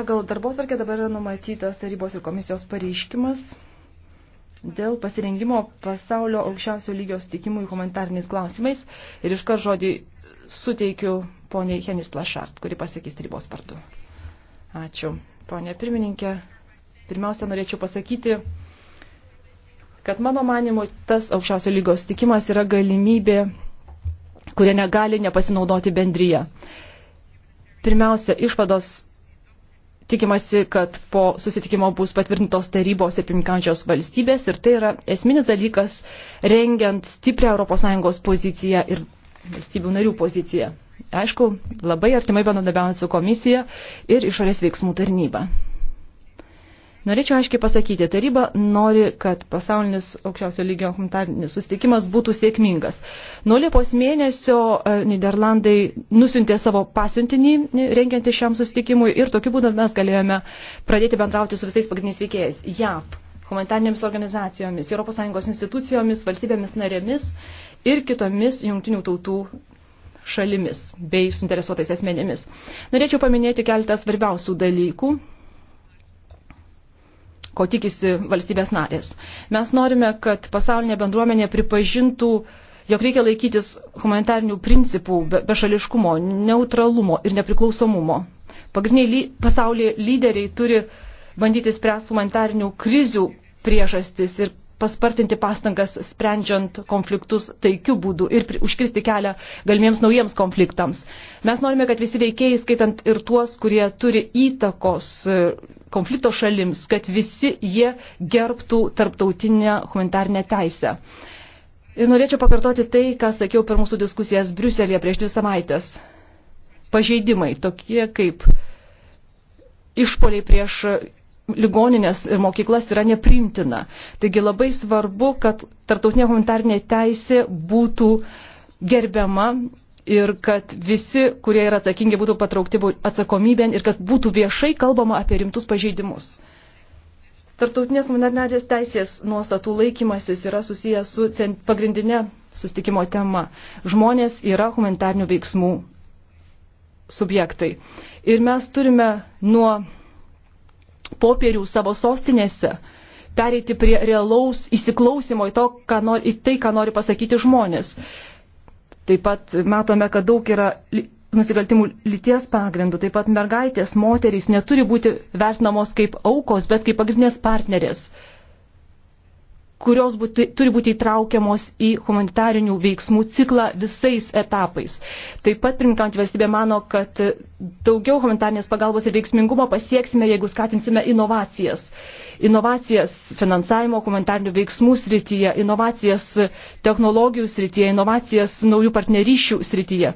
Pagal darbos varkė dabar yra numatytas tarybos ir komisijos pareiškimas dėl pasirengimo pasaulio aukščiausio lygio sutikimui humanitariniais klausimais ir iš kart žodį suteikiu poniai Henis Plašart, kuri pasakys tarybos vardu. Ačiū, ponė pirmininkė. Pirmiausia, norėčiau pasakyti, kad mano manimu tas aukščiausio lygio sutikimas yra galimybė, kurie negali nepasinaudoti bendryje. Pirmiausia, išvados Tikimasi, kad po susitikimo bus patvirtintos tarybos ir pirmininkančios valstybės ir tai yra esminis dalykas rengiant stiprią ES poziciją ir valstybių narių poziciją. Aišku, labai artimai bendradabiaujant su komisija ir išorės veiksmų tarnyba. Norėčiau aiškiai pasakyti, taryba nori, kad pasaulinis aukščiausio lygio humanitarinis susitikimas būtų sėkmingas. Nuo Liepos mėnesio e, Niderlandai nusintė savo pasiuntinį e, rengiantį šiam susitikimui ir tokiu būdu mes galėjome pradėti bendrauti su visais pagrindiniais veikėjais – JAP, humanitarnėmis organizacijomis, ES institucijomis, valstybėmis narėmis ir kitomis jungtinių tautų šalimis bei suinteresuotais asmenėmis. Norėčiau paminėti keletą svarbiausių dalykų – ko tikisi valstybės narės. Mes norime, kad pasaulinė bendruomenė pripažintų, jog reikia laikytis humanitarnių principų bešališkumo, neutralumo ir nepriklausomumo. Pagrindiniai ly pasaulyje lyderiai turi bandyti spręsti humanitarnių krizių priežastis ir paspartinti pastangas sprendžiant konfliktus taikių būdų ir užkirsti kelią galimiems naujiems konfliktams. Mes norime, kad visi veikėjai, skaitant ir tuos, kurie turi įtakos konflikto šalims, kad visi jie gerbtų tarptautinę humanitarnę teisę. Ir norėčiau pakartoti tai, ką sakiau per mūsų diskusijas Briuselėje prieš dvi savaitės. Pažeidimai tokie kaip išpoliai prieš ligoninės ir mokyklas yra neprimtina. Taigi labai svarbu, kad tartautinė humanitarinė teisė būtų gerbiama ir kad visi, kurie yra atsakingi, būtų patraukti atsakomybėn ir kad būtų viešai kalbama apie rimtus pažeidimus. Tartautinės humanitarnės teisės nuostatų laikymasis yra susijęs su pagrindinė sustikimo tema. Žmonės yra humanitarnių veiksmų subjektai. Ir mes turime nuo popierių savo sostinėse pereiti prie realaus įsiklausimo į, to, ką nori, į tai, ką nori pasakyti žmonės. Taip pat matome, kad daug yra nusikaltimų lyties pagrindų. Taip pat mergaitės, moterys neturi būti vertinamos kaip aukos, bet kaip pagrindinės partnerės kurios būti, turi būti įtraukiamos į humanitarinių veiksmų ciklą visais etapais. Taip pat pirmininkant valstybė mano, kad daugiau humanitarnės pagalbos ir veiksmingumo pasieksime, jeigu skatinsime inovacijas. Inovacijas finansavimo humanitarnių veiksmų srityje, inovacijas technologijų srityje, inovacijas naujų partnerysčių srityje.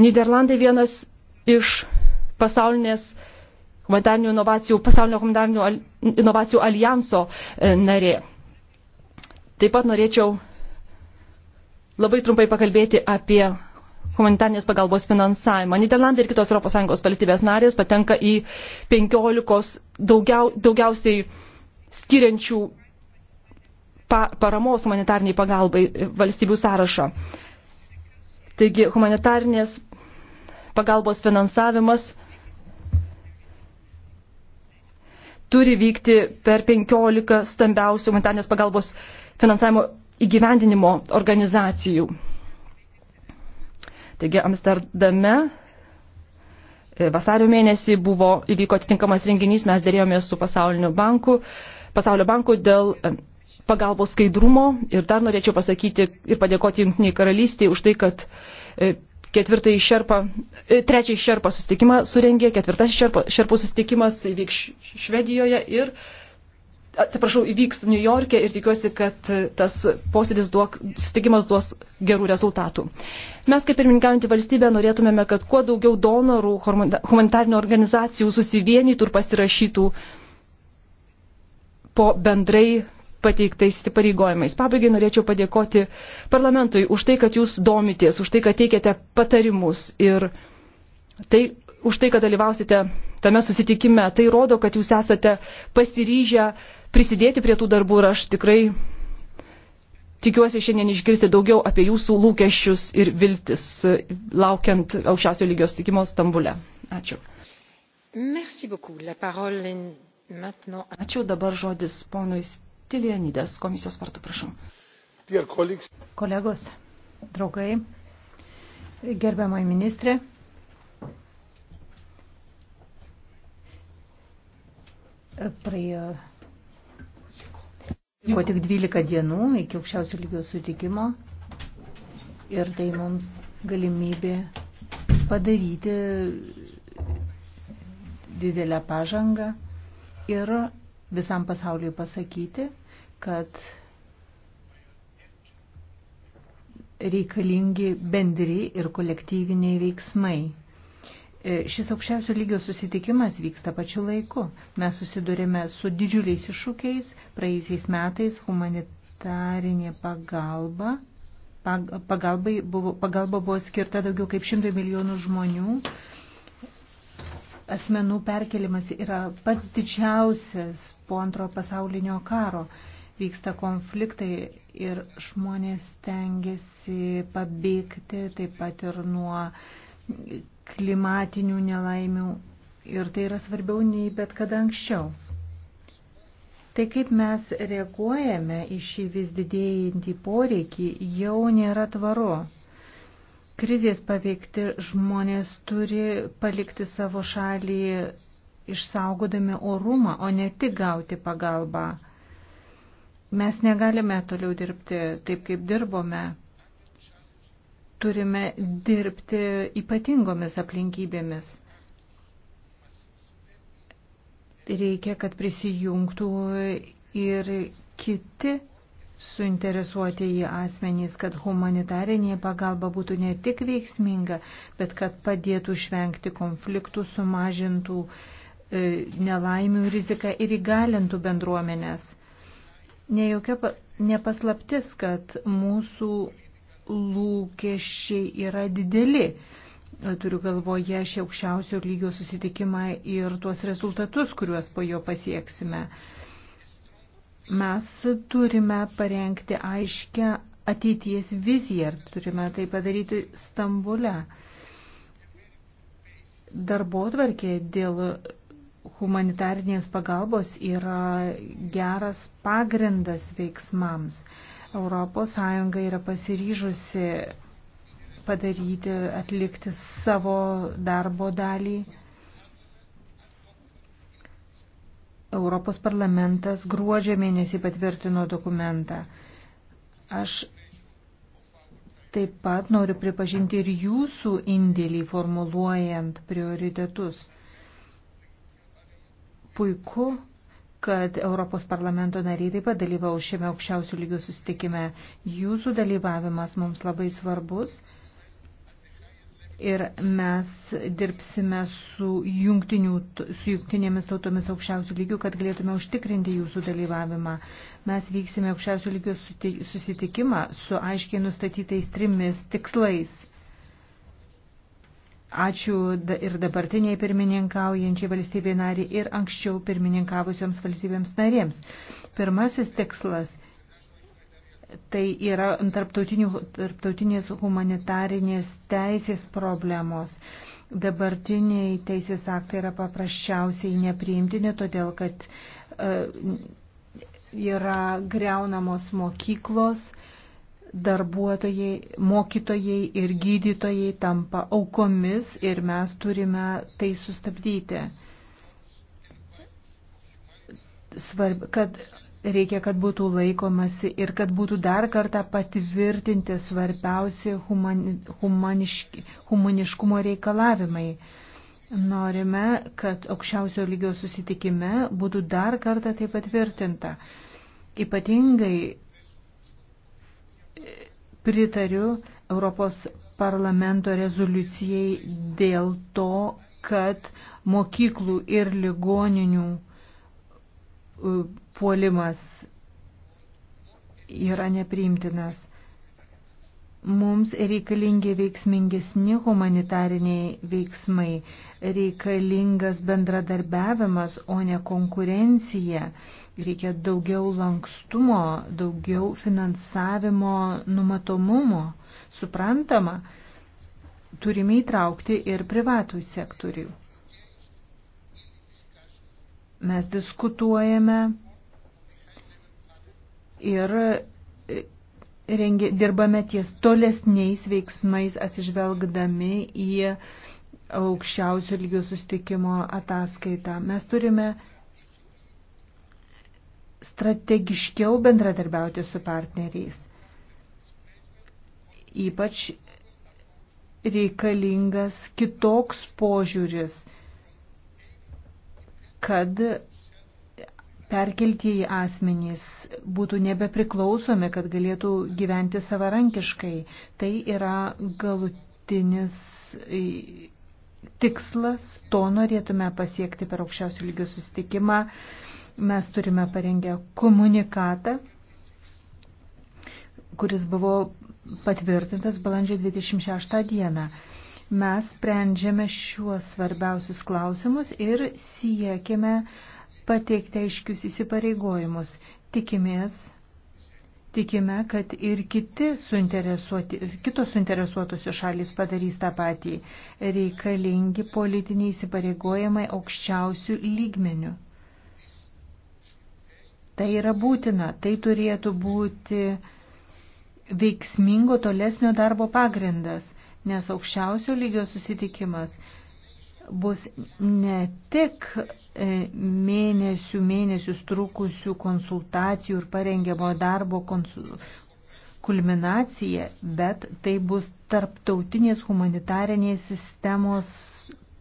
Niderlandai vienas iš pasaulinės humanitarnių inovacijų, pasaulinio humanitarnių inovacijų alijanso e, narė Taip pat norėčiau labai trumpai pakalbėti apie humanitarnės pagalbos finansavimą. Niderlandai ir kitos ES valstybės narės patenka į 15 daugiau, daugiausiai skiriančių pa, paramos humanitarniai pagalbai valstybių sąrašą. Taigi humanitarnės pagalbos finansavimas turi vykti per 15 stambiausių humanitarnės pagalbos finansavimo įgyvendinimo organizacijų. Taigi Amsterdame e, vasario mėnesį buvo, įvyko atitinkamas renginys, mes dėrėjomės su pasauliniu banku, pasaulio banku dėl e, pagalbos skaidrumo ir dar norėčiau pasakyti ir padėkoti Junktiniai karalystiai už tai, kad e, ketvirtai šerpa, trečiai šerpa susitikimą surengė, ketvirtas šerpa, šerpų susitikimas įvyks Švedijoje ir uh, atsiprašau, įvyks New York'e ir tikiuosi, kad tas posėdis duok, sustikimas duos gerų rezultatų. Mes kaip pirmininkaujantį valstybę norėtumėme, kad kuo daugiau donorų, humanitarinių organizacijų susivienytų ir pasirašytų po bendrai pateiktais įsipareigojimais. Pabaigai norėčiau padėkoti parlamentui už tai, kad jūs domitės, už tai, kad teikiate patarimus ir tai, už tai, kad dalyvausite tame susitikime. Tai rodo, kad jūs esate pasiryžę prisidėti prie tų darbų ir aš tikrai tikiuosi šiandien išgirsti daugiau apie jūsų lūkesčius ir viltis, e, laukiant aukščiausio lygio sutikimo Stambule. Ačiū. Ačiū dabar žodis ponui Stilienidės komisijos vardu, prašau. Kolegos, draugai, gerbiamai ministrė, Praėjo Liko tik 12 dienų iki aukščiausio lygio sutikimo ir tai mums galimybė padaryti didelę pažangą ir visam pasauliui pasakyti, kad reikalingi bendri ir kolektyviniai veiksmai. E, šis aukščiausio lygio susitikimas vyksta pačiu laiku. Mes susidurėme su didžiuliais iššūkiais. Praėjusiais metais humanitarinė pagalba, pagalbai buvo, pagalba buvo skirta daugiau kaip 100 milijonų žmonių. Asmenų perkelimas yra pats didžiausias po antro pasaulinio karo. Vyksta konfliktai ir žmonės tengiasi pabėgti taip pat ir nuo klimatinių nelaimių ir tai yra svarbiau nei bet kada anksčiau. Tai kaip mes reaguojame į šį vis didėjantį poreikį jau nėra tvaru. Krizės paveikti žmonės turi palikti savo šalį išsaugodami orumą, o ne tik gauti pagalbą. Mes negalime toliau dirbti taip, kaip dirbome turime dirbti ypatingomis aplinkybėmis. Reikia, kad prisijungtų ir kiti suinteresuotieji asmenys, kad humanitarinė pagalba būtų ne tik veiksminga, bet kad padėtų išvengti konfliktų, sumažintų e, nelaimių riziką ir įgalintų bendruomenės. Ne jokia nepaslaptis, kad mūsų lūkesčiai yra dideli. Turiu galvoje šį aukščiausio lygio susitikimą ir tuos rezultatus, kuriuos po jo pasieksime. Mes turime parengti aiškę ateities viziją ir turime tai padaryti Stambule. Darbo tvarkė dėl humanitarnės pagalbos yra geras pagrindas veiksmams. ES yra pasiryžusi padaryti, atlikti savo darbo dalį. Europos parlamentas gruodžio mėnesį patvirtino dokumentą. Aš taip pat noriu pripažinti ir jūsų indėlį formuluojant prioritetus. Puiku, kad Europos parlamento nariai taip pat dalyvau šiame aukščiausių lygių susitikime. Jūsų dalyvavimas mums labai svarbus ir mes dirbsime su, su jungtinėmis tautomis aukščiausių lygių, kad galėtume užtikrinti jūsų dalyvavimą. Mes vyksime aukščiausių lygių susitikimą su aiškiai nustatytais trimis tikslais Ačiū ir dabartiniai pirmininkaujančiai valstybei nariai ir anksčiau pirmininkavusioms valstybėms narėms. Pirmasis tikslas tai yra tarptautinės humanitarinės teisės problemos. Dabartiniai teisės aktai yra paprasčiausiai nepriimtini, todėl kad e, yra greunamos mokyklos, darbuotojai, mokytojai ir gydytojai tampa aukomis ir mes turime tai sustabdyti. Svarb, kad reikia, kad būtų laikomasi ir kad būtų dar kartą patvirtinti svarbiausi humani, humaniški, humaniškumo reikalavimai. Norime, kad aukščiausio lygio susitikime būtų dar kartą tai patvirtinta. Ypatingai pritariu Europos parlamento rezoliucijai dėl to, kad mokyklų ir ligoninių e, puolimas yra nepriimtinas. Mums reikalingi veiksmingesni humanitariniai veiksmai, reikalingas bendradarbiavimas, o ne konkurencija. Reikia daugiau lankstumo, daugiau finansavimo numatomumo. Suprantama, turime įtraukti ir privatų sektorių. Mes diskutuojame ir e, rengi, dirbame ties tolesniais veiksmais atsižvelgdami į aukščiausio lygio sustikimo ataskaitą. Mes turime strategiškiau bendradarbiauti su partneriais. Ypač reikalingas kitoks požiūris, kad perkeltieji asmenys būtų nebepriklausomi, kad galėtų gyventi savarankiškai. Tai yra galutinis tikslas, to norėtume pasiekti per aukščiausių lygių susitikimą Mes turime parengę komunikatą, kuris buvo patvirtintas balandžio 26 dieną. Mes sprendžiame šiuos svarbiausius klausimus ir siekime pateikti aiškius įsipareigojimus. Tikimės, tikime, kad ir kiti suinteresuoti, kitos suinteresuotusios šalis padarys tą patį. Reikalingi politiniai įsipareigojimai aukščiausių lygmenių. Tai yra būtina, tai turėtų būti veiksmingo tolesnio darbo pagrindas, nes aukščiausio lygio susitikimas bus ne tik e, mėnesių, mėnesius trukusių konsultacijų ir parengiamo darbo konsul... kulminacija, bet tai bus tarptautinės humanitarinės sistemos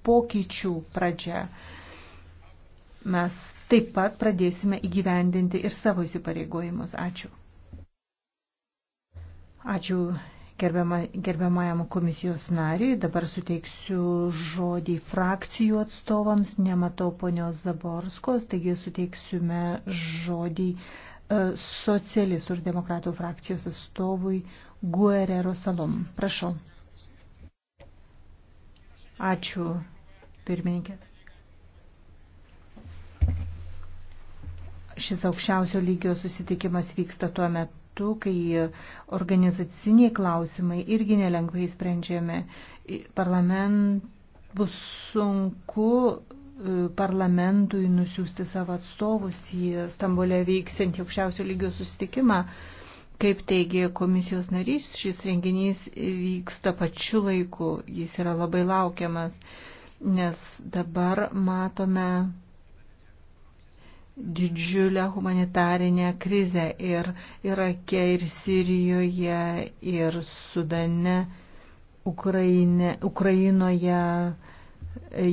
pokyčių pradžia mes taip pat pradėsime įgyvendinti ir savo įsipareigojimus. Ačiū. Ačiū gerbiama, gerbiamajam komisijos nariui. Dabar suteiksiu žodį frakcijų atstovams. Nematau ponios Zaborskos, taigi suteiksime žodį e, socialistų ir demokratų frakcijos atstovui Guerrero Salom. Prašau. Ačiū, pirmininkė. Šis aukščiausio lygio susitikimas vyksta tuo metu, kai organizaciniai klausimai irgi nelengvai sprendžiami. Parlament bus sunku e, parlamentui nusiųsti savo atstovus į Stambulę vyksiantį aukščiausio lygio susitikimą. Kaip teigia komisijos narys, šis renginys vyksta pačiu laiku, jis yra labai laukiamas, nes dabar matome didžiulę humanitarinę krizę ir Irake, ir Sirijoje, ir Sudane, Ukraine, Ukrainoje,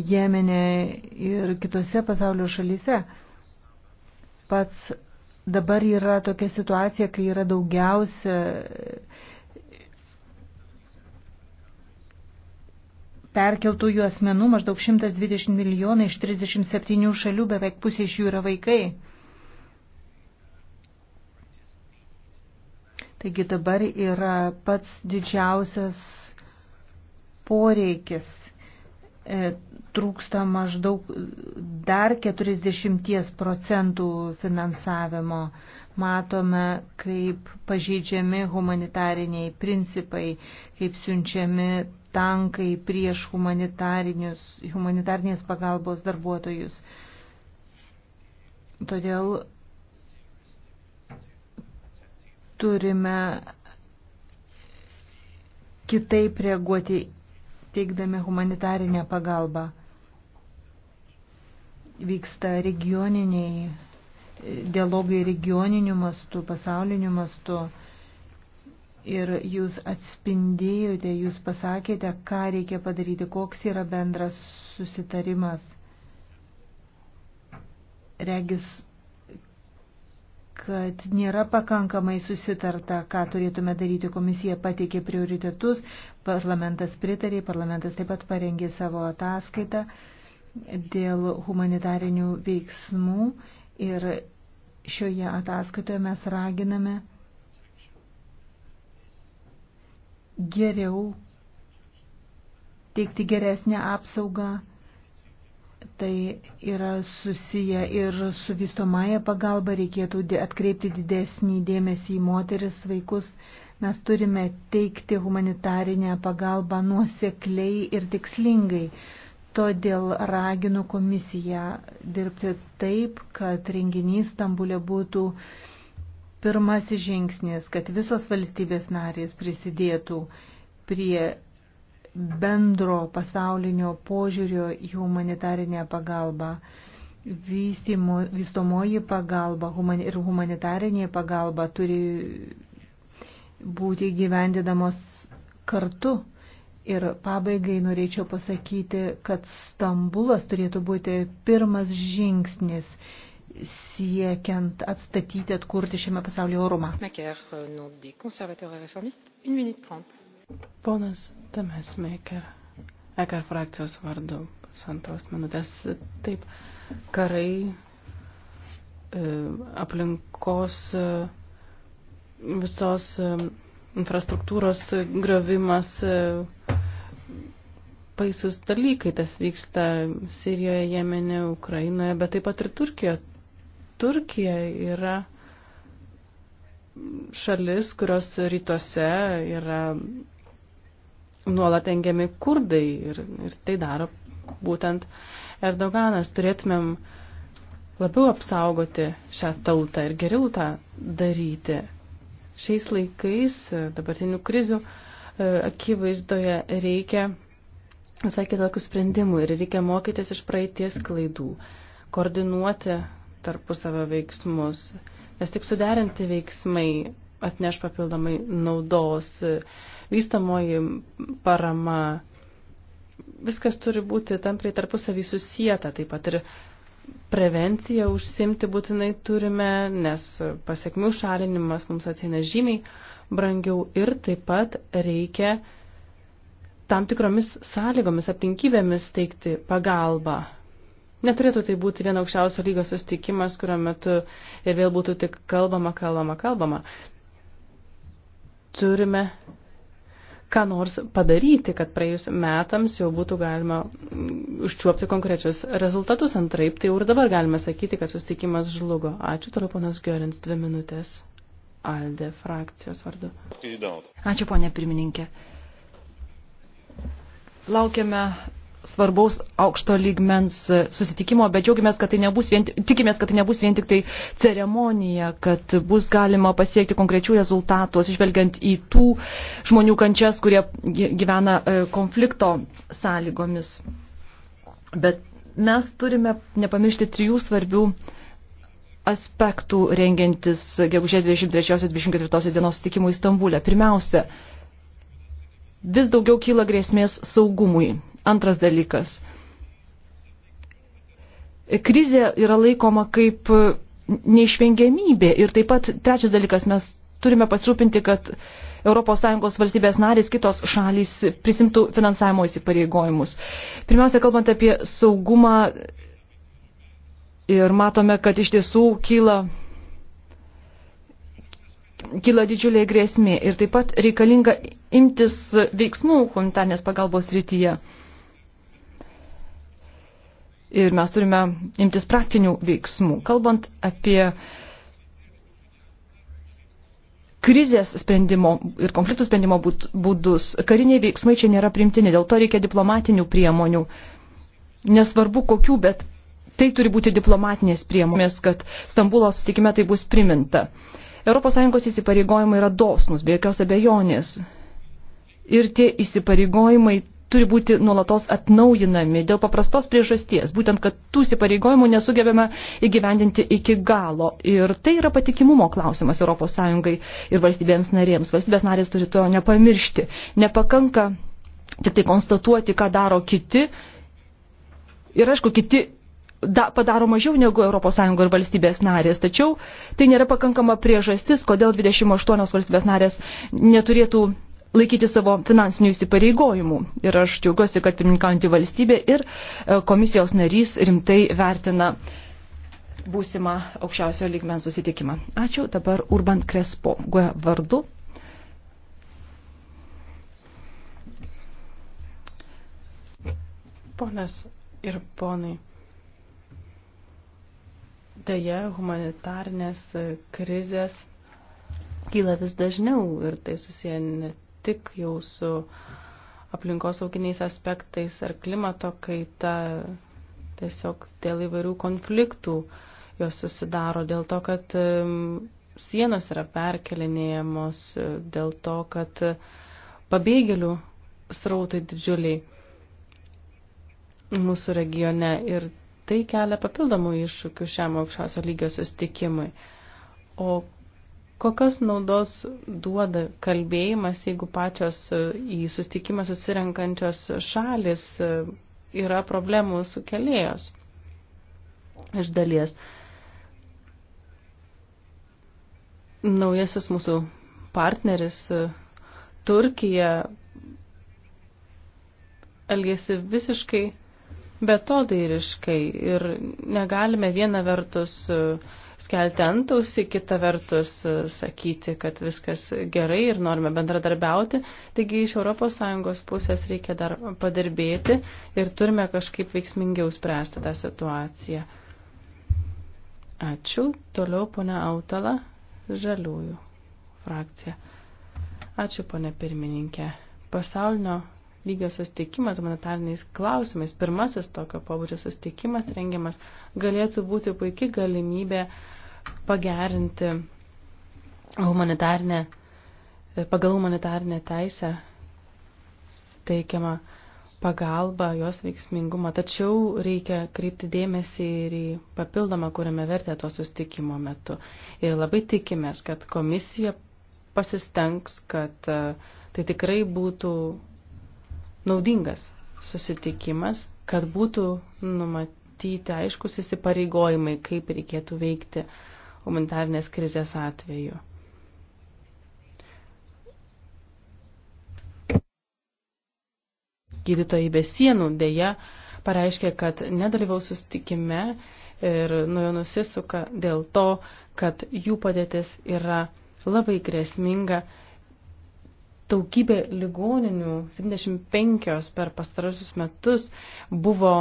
Jemene ir kitose pasaulio šalyse. Pats dabar yra tokia situacija, kai yra daugiausia perkeltųjų asmenų maždaug 120 milijonai iš 37 šalių, beveik pusė iš jų yra vaikai. Taigi dabar yra pats didžiausias poreikis. E, trūksta maždaug dar 40 procentų finansavimo. Matome, kaip pažeidžiami humanitariniai principai, kaip siunčiami tankai prieš humanitarnės pagalbos darbuotojus. Todėl turime kitaip reaguoti, teikdami humanitarinę pagalbą. Vyksta regioniniai dialogai regioniniu mastu, pasauliniu mastu ir jūs atspindėjote, jūs pasakėte, ką reikia padaryti, koks yra bendras susitarimas. Regis, kad nėra pakankamai susitarta, ką turėtume daryti. Komisija pateikė prioritetus, parlamentas pritarė, parlamentas taip pat parengė savo ataskaitą dėl humanitarinių veiksmų ir šioje ataskaitoje mes raginame geriau teikti geresnę apsaugą. Tai yra susiję ir su vystomąją pagalbą, reikėtų atkreipti didesnį dėmesį į moteris, vaikus. Mes turime teikti humanitarinę pagalbą nuosekliai ir tikslingai. Todėl raginu komisiją dirbti taip, kad renginys Stambulė būtų uh, pirmasis žingsnis, kad visos valstybės narės prisidėtų prie bendro pasaulinio požiūrio į humanitarinę pagalbą. Vystimo, vystomoji pagalba human, ir humanitarinė pagalba turi būti gyvendinamos kartu. Ir pabaigai norėčiau pasakyti, kad Stambulas turėtų būti pirmas žingsnis siekiant atstatyti, atkurti šiame pasaulyje orumą. Ponas Tamesmeker, Ekar frakcijos vardu, pusantros minutės. Taip, karai, e, aplinkos, e, visos e, infrastruktūros gravimas, baisus dalykai, tas vyksta Sirijoje, Jemene, Ukrainoje, bet taip pat ir Turkijoje Turkija yra šalis, kurios rytuose yra nuolat engiami kurdai ir, ir tai daro būtent Erdoganas. Turėtumėm labiau apsaugoti šią tautą ir geriau tą daryti. Šiais laikais dabartinių krizių e, akivaizdoje reikia visai kitokių sprendimų ir reikia mokytis iš praeities klaidų, koordinuoti tarpusavio veiksmus, nes tik suderinti veiksmai atneš papildomai naudos, vystamoji parama. Viskas turi būti tampriai tarpusavį susijęta, taip pat ir prevenciją užsimti būtinai turime, nes pasiekmių šalinimas mums atsieina žymiai brangiau ir taip pat reikia tam tikromis sąlygomis, aplinkybėmis teikti pagalbą. Neturėtų tai būti viena aukščiausio lygio sustikimas, kurio metu ir vėl būtų tik kalbama, kalbama, kalbama. Turime ką nors padaryti, kad praėjus metams jau būtų galima užčiuopti konkrečius rezultatus. Antraip, tai jau ir dabar galime sakyti, kad sustikimas žlugo. Ačiū, toliau ponas Görins, dvi minutės. Alde frakcijos vardu. Ačiū, ponė pirmininkė. Laukiame svarbaus aukšto lygmens e, susitikimo, bet džiaugiamės, kad tai nebus vien, tikimės, kad tai nebus vien tik tai ceremonija, kad bus galima pasiekti konkrečių rezultatų, išvelgiant į tų žmonių kančias, kurie gyvena e, konflikto sąlygomis. Bet mes turime nepamiršti trijų svarbių aspektų rengiantis gegužės 23-24 dienos sutikimui Stambulė. Pirmiausia, vis daugiau kyla grėsmės saugumui Antras dalykas. Krizė yra laikoma kaip neišvengiamybė ir taip pat trečias dalykas, mes turime pasirūpinti, kad ES valstybės narės kitos šalys prisimtų finansavimo įsipareigojimus. Pirmiausia, kalbant apie saugumą ir matome, kad iš tiesų kyla kyla didžiulė grėsmė ir taip pat reikalinga imtis veiksmų humanitarnės pagalbos rytyje ir mes turime imtis praktinių veiksmų. Kalbant apie krizės sprendimo ir konfliktų sprendimo būdus, kariniai veiksmai čia nėra primtini, dėl to reikia diplomatinių priemonių. Nesvarbu kokių, bet tai turi būti diplomatinės priemonės, kad Stambulo sutikime tai bus priminta. ES įsipareigojimai yra dosnus, be jokios abejonės. Ir tie įsipareigojimai turi būti nuolatos atnaujinami dėl paprastos priežasties, būtent kad tų įsipareigojimų nesugebėme įgyvendinti iki galo. Ir tai yra patikimumo klausimas ES ir valstybėms narėms. Valstybės narės turi to nepamiršti. Nepakanka tik tai konstatuoti, ką daro kiti. Ir aišku, kiti da, padaro mažiau negu ES ir valstybės narės, tačiau tai nėra pakankama priežastis, kodėl 28 valstybės narės neturėtų laikyti savo finansinių įsipareigojimų. Ir aš džiaugiuosi, kad pirmininkaujantį valstybę ir e, komisijos narys rimtai vertina būsimą aukščiausio lygmens susitikimą. Ačiū. Dabar Urban Krespo G vardu. Ponas ir ponai, dėja humanitarnės krizės kyla vis dažniau ir tai susiję ne tik jau su aplinkosauginiais aspektais ar klimato kaita, tiesiog dėl įvairių konfliktų jos susidaro, dėl to, kad sienos yra perkelinėjamos, dėl to, kad pabėgėlių srautai didžiuliai mūsų regione ir tai kelia papildomų iššūkių šiam aukščiausio lygio sustikimui. O Kokios naudos duoda kalbėjimas, jeigu pačios e, į sustikimą susirenkančios šalis e, yra problemų sukelėjos iš dalies. Naujasis mūsų partneris e, Turkija elgėsi visiškai betodairiškai ir negalime viena vertus uh, skelti antausi, kita vertus e, sakyti, kad viskas gerai ir norime bendradarbiauti. Taigi iš ES pusės reikia dar padirbėti ir turime kažkaip veiksmingiau spręsti tą situaciją. Ačiū. Toliau ponia Autala, žaliųjų frakcija. Ačiū ponia pirmininkė. Pasaulinio lygio sustikimas humanitariniais klausimais, pirmasis tokio pobūdžio sustikimas rengiamas, galėtų būti puikia galimybė pagerinti humanitarinę, pagal humanitarinę teisę teikiamą pagalbą, jos veiksmingumą. Tačiau reikia kreipti dėmesį ir į papildomą kuriame vertę to sustikimo metu. Ir labai tikimės, kad komisija pasistengs, kad e, tai tikrai būtų naudingas susitikimas, kad būtų numatyti aiškus įsipareigojimai, kaip reikėtų veikti humanitarnės krizės atveju. Gydytojai be sienų dėja pareiškė, kad nedalyvaus sustikime ir nuo jo nusisuka dėl to, kad jų padėtis yra labai grėsminga daugybė ligoninių, 75 per pastarosius metus buvo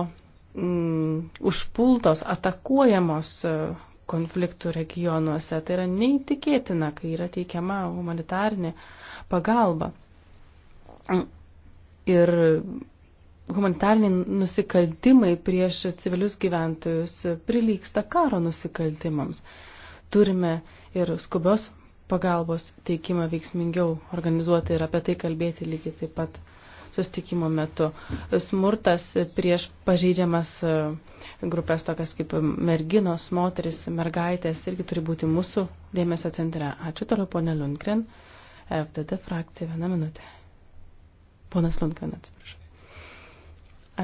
mm, užpultos, atakuojamos e, konfliktų regionuose. Tai yra neįtikėtina, kai yra teikiama humanitarinė pagalba. Ir humanitariniai nusikaltimai prieš civilius gyventojus prilyksta karo nusikaltimams. Turime ir skubios pagalbos teikimą veiksmingiau organizuoti ir apie tai kalbėti lygiai taip pat sustikimo metu. Smurtas prieš pažeidžiamas e, grupės tokias kaip merginos, moteris, mergaitės irgi turi būti mūsų dėmesio centre. Ačiū toliau, ponė Lundgren. FDD frakcija, viena minutė. Ponas Lundgren, atsiprašau.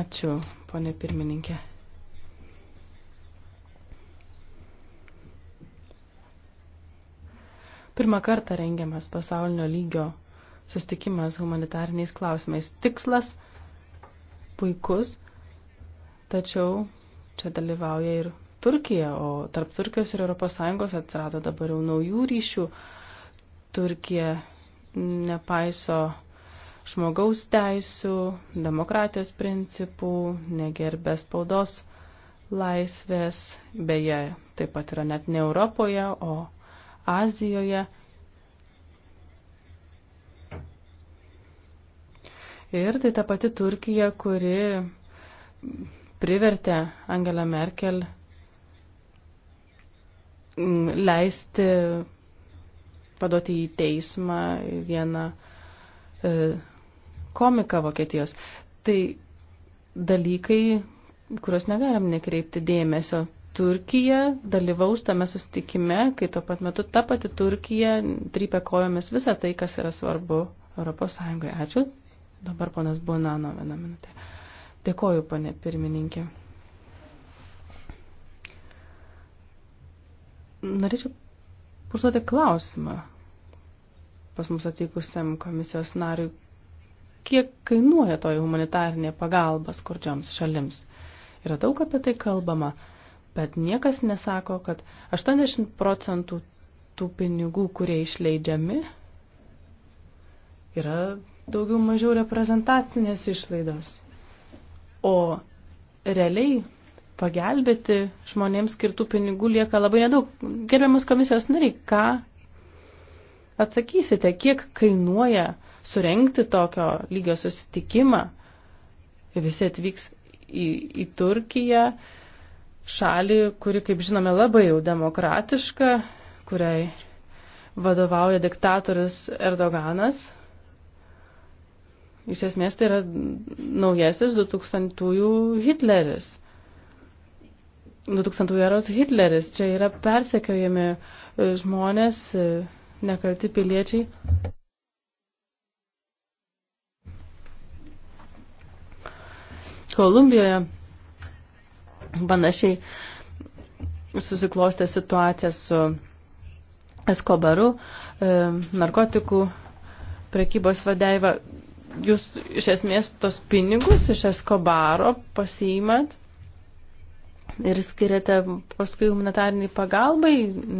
Ačiū, ponė pirmininkė. Pirmą kartą rengiamas pasaulinio lygio sustikimas humanitariniais klausimais. Tikslas puikus, tačiau čia dalyvauja ir Turkija, o tarp Turkijos ir ES atsirado dabar jau naujų ryšių. Turkija nepaiso žmogaus teisų, demokratijos principų, negerbė spaudos laisvės, beje, taip pat yra net ne Europoje, o Azijoje. Ir tai ta pati Turkija, kuri privertė Angelą Merkel leisti paduoti į teismą vieną e, komiką Vokietijos. Tai dalykai, kuriuos negalim nekreipti dėmesio. Turkija dalyvaus tame sustikime, kai tuo pat metu ta pati Turkija trypia kojomis visą tai, kas yra svarbu Europos Sąjungoje. Ačiū. Dabar ponas Bonano vieną minutę. Dėkoju, ponė pirmininkė. Norėčiau užduoti klausimą pas mus atvykusiam komisijos nariui, kiek kainuoja toji humanitarinė pagalba skurdžioms šalims. Yra daug apie tai kalbama, Bet niekas nesako, kad 80 procentų tų pinigų, kurie išleidžiami, yra daugiau mažiau reprezentacinės išlaidos. O realiai pagelbėti žmonėms skirtų pinigų lieka labai nedaug. Gerbiamas komisijos nariai, ką atsakysite, kiek kainuoja surenkti tokio lygio susitikimą? Visi atvyks į, į Turkiją šalį, kuri, kaip žinome, labai jau demokratiška, kuriai vadovauja diktatorius Erdoganas. Iš esmės tai yra naujasis 2000-ųjų Hitleris. 2000-ųjų eros Hitleris. Čia yra persekiojami e, žmonės, e, nekalti piliečiai. Kolumbijoje Panašiai susiklostė situacija su Eskobaru, e, narkotikų prekybos vadeiva. Jūs iš esmės tos pinigus iš Eskobaro pasiimat ir skiriate paskui humanitariniai pagalbai,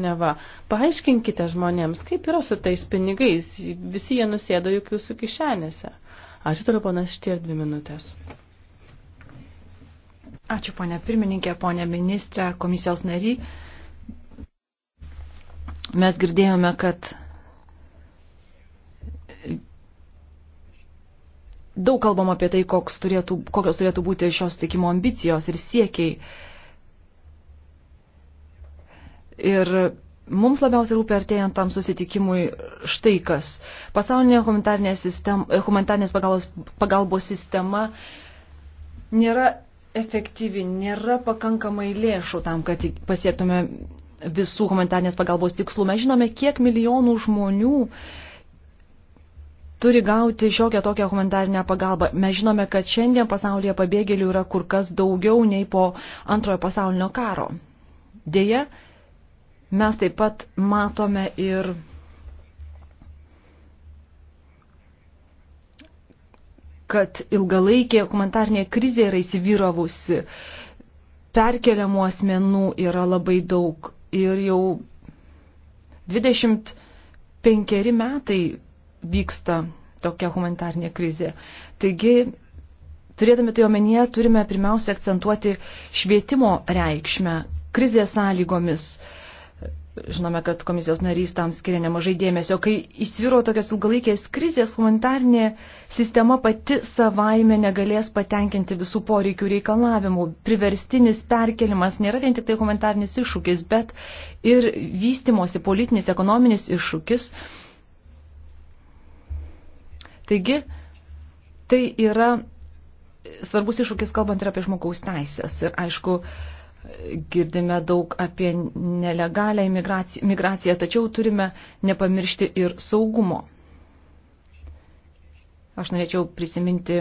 neva. Paaiškinkite žmonėms, kaip yra su tais pinigais. Visi jie nusėdo juk jūsų kišenėse. Ačiū turiu panas štie dvi minutės. Ačiū, ponė pirmininkė, ponė ministrė, komisijos nary. Mes girdėjome, kad daug kalbam apie tai, koks turėtų, kokios turėtų būti šios tikimo ambicijos ir siekiai. Ir mums labiausiai rūpia artėjant tam susitikimui štai kas. Pasaulinė humanitarinės, sistem, humanitarinės pagalbos, pagalbos sistema nėra efektyvi, nėra pakankamai lėšų tam, kad pasiektume visų humanitarnės pagalbos tikslų. Mes žinome, kiek milijonų žmonių turi gauti šiokią tokią humanitarinę pagalbą. Mes žinome, kad šiandien pasaulyje pabėgėlių yra kur kas daugiau nei po antrojo pasaulinio karo. Deja, mes taip pat matome ir kad ilgalaikė humanitarnė krizė yra įsivyravusi, perkeliamų asmenų yra labai daug ir jau 25 metai vyksta tokia humanitarnė krizė. Taigi, turėdami tai omenyje, turime pirmiausia akcentuoti švietimo reikšmę krizės sąlygomis Žinome, kad komisijos narys tam skiria nemažai dėmesio. Kai įsviro tokias ilgalaikės krizės, humanitarnė sistema pati savaime negalės patenkinti visų poreikių reikalavimų. Priverstinis perkelimas nėra vien tik tai humanitarnis iššūkis, bet ir vystimosi politinis, ekonominis iššūkis. Taigi, tai yra svarbus iššūkis, kalbant ir apie žmogaus teisės. Ir aišku, girdime daug apie nelegalią migraciją, tačiau turime nepamiršti ir saugumo. Aš norėčiau prisiminti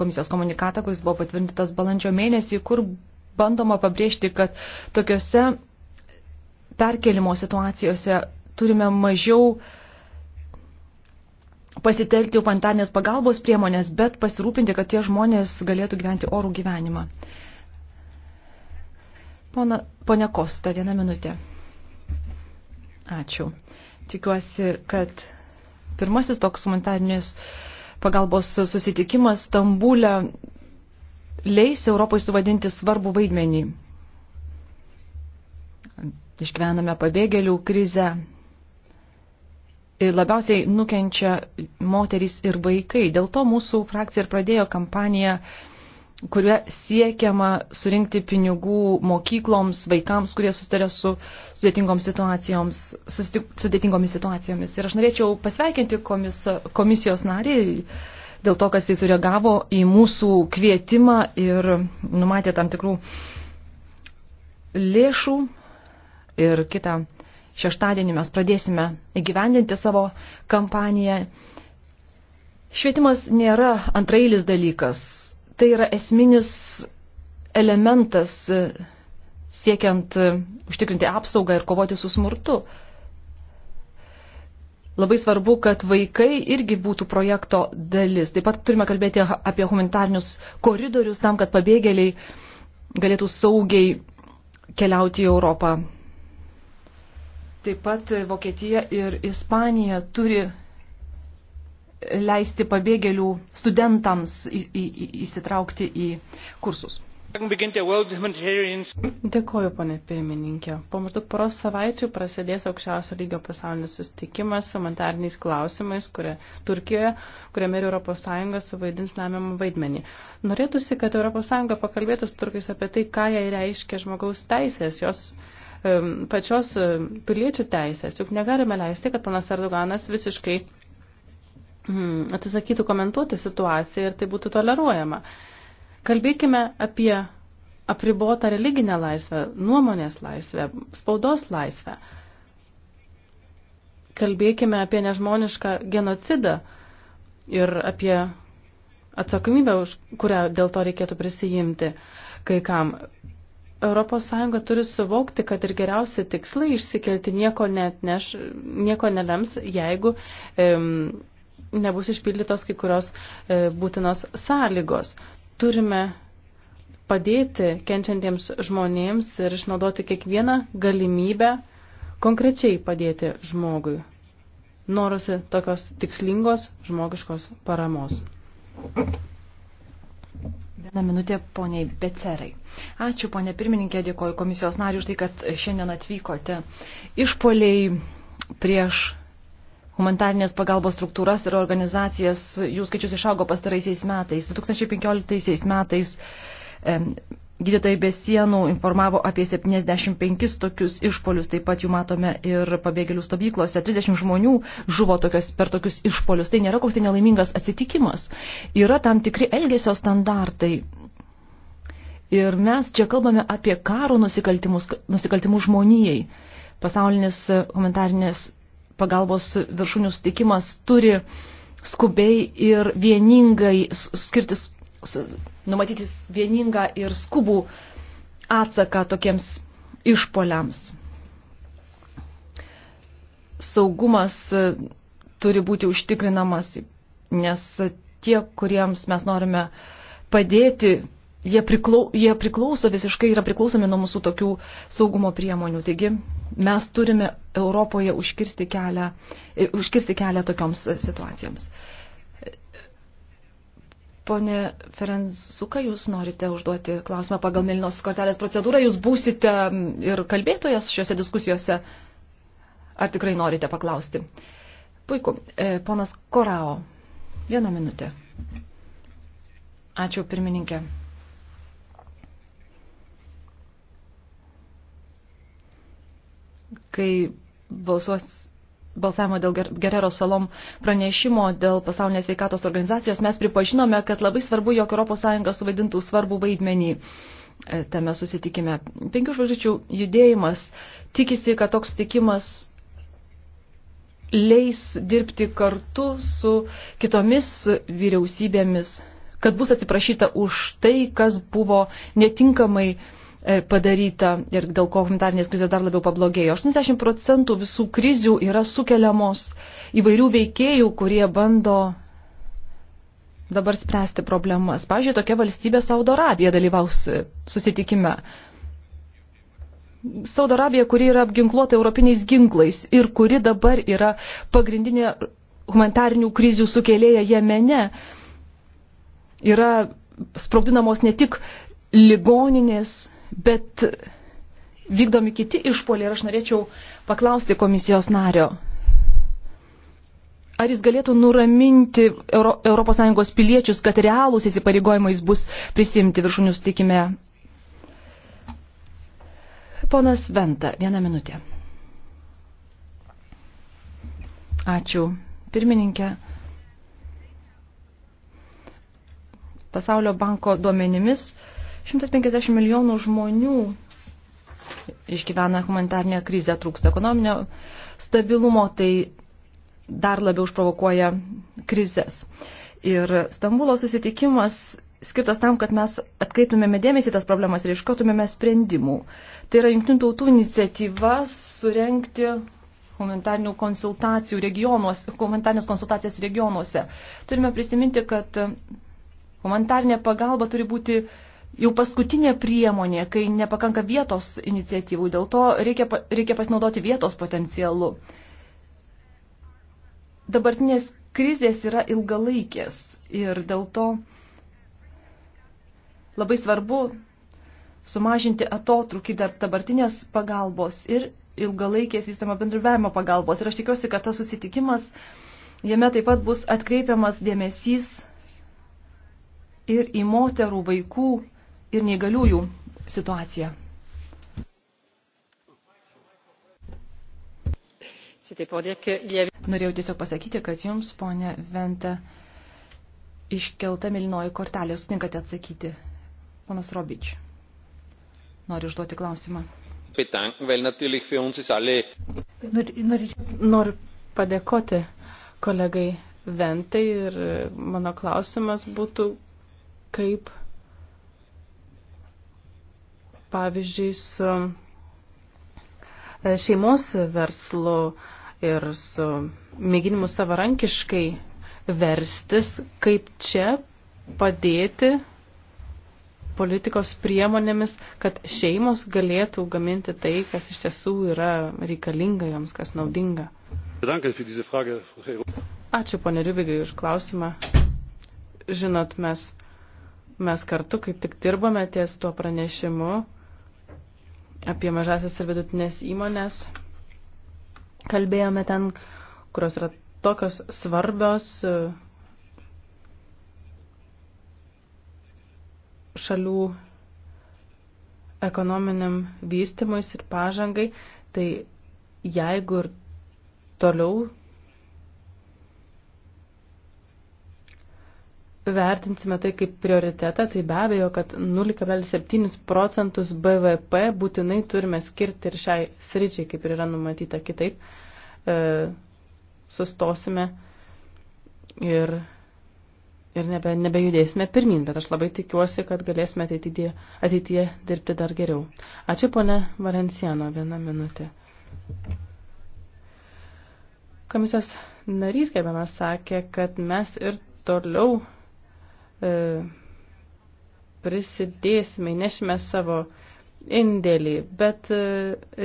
komisijos komunikatą, kuris buvo patvirtintas balandžio mėnesį, kur bandoma pabrėžti, kad tokiuose perkelimo situacijose turime mažiau pasitelkti humanitarnės pagalbos priemonės, bet pasirūpinti, kad tie žmonės galėtų gyventi orų gyvenimą. Pana, ponia Kosta, vieną minutę. Ačiū. Tikiuosi, kad pirmasis toks humanitarnės pagalbos susitikimas Stambulė leis Europai suvadinti svarbų vaidmenį. Išgyvename pabėgėlių krizę ir labiausiai nukenčia moterys ir vaikai. Dėl to mūsų frakcija ir pradėjo kampaniją kuriuo siekiama surinkti pinigų mokykloms, vaikams, kurie susitarė su sudėtingomis, sudėtingomis situacijomis. Ir aš norėčiau pasveikinti komis, komisijos narį dėl to, kas jis sureagavo į mūsų kvietimą ir numatė tam tikrų lėšų ir kitą šeštadienį mes pradėsime įgyvendinti savo kampaniją. Švietimas nėra antrailis dalykas tai yra esminis elementas e, siekiant e, užtikrinti apsaugą ir kovoti su smurtu. Labai svarbu, kad vaikai irgi būtų projekto dalis. Taip pat turime kalbėti apie humanitarnius koridorius tam, kad pabėgėliai galėtų saugiai keliauti į Europą. Taip pat e, Vokietija ir Ispanija turi leisti pabėgėlių studentams į, į, į, įsitraukti į kursus. Dėkoju, ponė pirmininkė. Po maždaug poros savaičių prasidės aukščiausio lygio pasaulinis sustikimas humanitariniais klausimais, kurie Turkijoje, kuriame ir ES suvaidins lemiamą vaidmenį. Norėtųsi, kad ES pakalbėtų su turkais apie tai, ką jai reiškia žmogaus teisės, jos um, pačios um, piliečių teisės. Juk negalime leisti, kad panas Erdoganas visiškai Hmm, atsisakytų komentuoti situaciją ir tai būtų toleruojama. Kalbėkime apie apribotą religinę laisvę, nuomonės laisvę, spaudos laisvę. Kalbėkime apie nežmonišką genocidą ir apie atsakomybę, už kurią dėl to reikėtų prisijimti kai kam. ES turi suvokti, kad ir geriausi tikslai išsikelti nieko net neš, nieko nelems, jeigu um, e, nebus išpildytos kai kurios e, būtinos sąlygos. Turime padėti kenčiantiems žmonėms ir išnaudoti kiekvieną galimybę konkrečiai padėti žmogui. Norosi tokios tikslingos žmogiškos paramos. Vieną minutę poniai Becerai. Ačiū ponė pirmininkė, dėkoju komisijos nariu už tai, kad šiandien atvykote. Išpoliai prieš humanitarnės pagalbos struktūras ir organizacijas, jų skaičius išaugo pastaraisiais metais. 2015 metais e, gydytojai be sienų informavo apie 75 tokius išpolius, taip pat jų matome ir pabėgėlių stovyklose. 30 žmonių žuvo tokios, per tokius išpolius. Tai nėra koks tai nelaimingas atsitikimas. Yra tam tikri elgesio standartai. Ir mes čia kalbame apie karo nusikaltimus, nusikaltimus žmonijai pasaulinis humanitarinės pagalbos viršūnių sutikimas turi skubiai ir vieningai skirtis, numatytis vieningą ir skubų atsaką tokiems išpoliams. Saugumas e, turi būti užtikrinamas, nes tie, kuriems mes norime padėti, jie, priklau, jie priklauso visiškai, yra priklausomi nuo mūsų tokių saugumo priemonių. Taigi mes turime Europoje užkirsti kelią, e, užkirsti kelią tokioms situacijoms. Pone Ferenzuka, jūs norite užduoti klausimą pagal Melinos kortelės procedūrą, jūs būsite ir kalbėtojas šiuose diskusijose. Ar tikrai norite paklausti? Puiku. E, ponas Korao, vieną minutę. Ačiū pirmininkė. kai balsuos balsavimo dėl Gerero salom pranešimo dėl pasaulinės veikatos organizacijos, mes pripažinome, kad labai svarbu, jog ES suvaidintų svarbų vaidmenį e, tame susitikime. Penkių žvaigždžių judėjimas tikisi, kad toks tikimas leis dirbti kartu su kitomis vyriausybėmis, kad bus atsiprašyta už tai, kas buvo netinkamai uh, E, padaryta ir dėl ko humanitarnės krizės dar labiau pablogėjo. 80 procentų visų krizių yra sukeliamos įvairių veikėjų, kurie bando dabar spręsti problemas. Pavyzdžiui, tokia valstybė Saudo Arabija dalyvaus e, susitikime. Saudo Arabija, kuri yra apginkluota europiniais ginklais ir kuri dabar yra pagrindinė humanitarinių krizių sukėlėja Jemene, yra sprogdinamos ne tik ligoninės, bet vykdomi kiti išpoliai ir aš norėčiau paklausti komisijos nario. Ar jis galėtų nuraminti Euro, ES piliečius, kad realūs įsipareigojimais bus prisimti viršūnių sutikime? Ponas Venta, vieną minutę. Ačiū, pirmininkė. Pasaulio banko duomenimis 150 milijonų žmonių išgyvena humanitarnę krizę, trūksta ekonominio stabilumo, tai dar labiau užprovokuoja krizės. Ir Stambulo susitikimas skirtas tam, kad mes atkreiptumėme dėmesį tas problemas ir iškotumėme sprendimų. Tai yra jungtinių tautų iniciatyva surenkti humanitarnių konsultacijų regionuose, humanitarnės konsultacijas regionuose. Turime prisiminti, kad humanitarnė pagalba turi būti uh, jau paskutinė priemonė, kai nepakanka vietos iniciatyvų, dėl to reikia, reikia pasinaudoti vietos potencialu. Dabartinės krizės yra ilgalaikės ir dėl to labai svarbu sumažinti atotrukį tarp dabartinės pagalbos ir ilgalaikės vystamo bendradarbiavimo pagalbos. Ir aš tikiuosi, kad tas susitikimas, jame taip pat bus atkreipiamas dėmesys ir į moterų vaikų ir neįgaliųjų situaciją. Norėjau tiesiog pasakyti, kad jums, ponė Venta, iškelta milinoji kortelė. Sutinkate atsakyti. Ponas Robič, noriu užduoti klausimą. Noriu padėkoti kolegai Ventai ir mano klausimas būtų, kaip pavyzdžiui, su e, šeimos verslu ir su mėginimu savarankiškai verstis, kaip čia padėti politikos priemonėmis, kad šeimos galėtų gaminti tai, kas iš tiesų yra reikalinga joms, kas naudinga. Ačiū, ponė Ribigai, už klausimą. Žinot, mes, mes kartu kaip tik dirbame ties tuo pranešimu apie mažasias ir vidutinės įmonės. Kalbėjome ten, kurios yra tokios svarbios e, šalių ekonominiam vystimuis ir pažangai, tai jeigu ir toliau vertinsime tai kaip prioritetą, tai be abejo, kad 0,7 procentus BVP būtinai turime skirti ir šiai sričiai, kaip ir yra numatyta kitaip. E, sustosime ir, ir nebe, nebejudėsime pirmin, bet aš labai tikiuosi, kad galėsime ateityje, ateityje dirbti dar geriau. Ačiū, ponė Valenciano, vieną minutę. Komisijos narys gerbiamas sakė, kad mes ir toliau E, prisidėsime, nešime savo indėlį, bet e,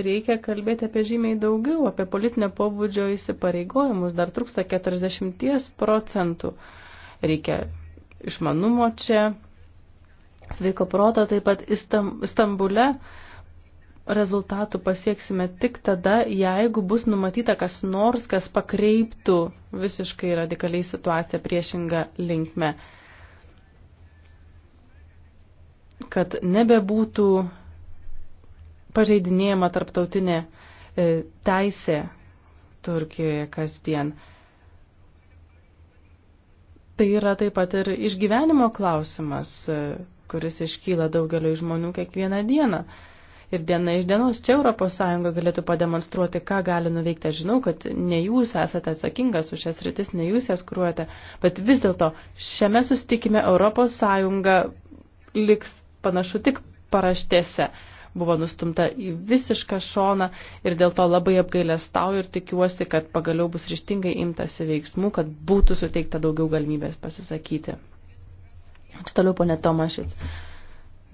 reikia kalbėti apie žymiai daugiau, apie politinio pobūdžio įsipareigojimus. Dar trūksta 40 procentų. Reikia išmanumo čia, sveiko proto, taip pat Istambule rezultatų pasieksime tik tada, jeigu bus numatyta kas nors, kas pakreiptų visiškai radikaliai situaciją priešingą linkme kad nebebūtų pažeidinėjama tarptautinė e, teisė Turkijoje kasdien. Tai yra taip pat ir išgyvenimo klausimas, e, kuris iškyla daugeliu žmonių kiekvieną dieną. Ir diena iš dienos čia ES galėtų pademonstruoti, ką gali nuveikti. Aš žinau, kad ne jūs esate atsakingas už šias rytis, ne jūs jas kruojate, bet vis dėlto šiame sustikime ES liks panašu tik paraštėse buvo nustumta į visišką šoną ir dėl to labai apgailestauju ir tikiuosi, kad pagaliau bus ryštingai imtasi veiksmų, kad būtų suteikta daugiau galimybės pasisakyti. Ačiū toliau, ponė Tomašic.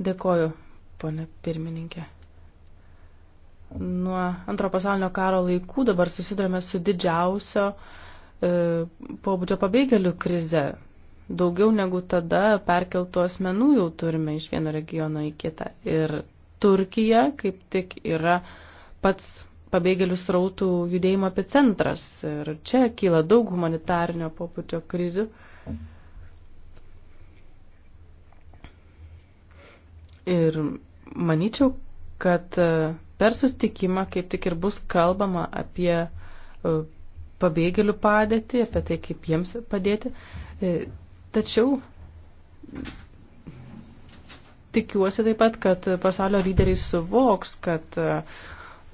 Dėkoju, ponė pirmininkė. Nuo antro pasaulinio karo laikų dabar susidurime su didžiausio e, pobūdžio pabėgėlių krize daugiau negu tada perkeltų asmenų jau turime iš vieno regiono į kitą. Ir Turkija kaip tik yra pats pabėgėlių srautų judėjimo epicentras. Ir čia kyla daug humanitarnio popučio krizių. Ir manyčiau, kad e, per sustikimą kaip tik ir bus kalbama apie e, pabėgėlių padėtį, apie tai, kaip jiems padėti. E, Tačiau tikiuosi taip pat, kad pasaulio lyderiai suvoks, kad e,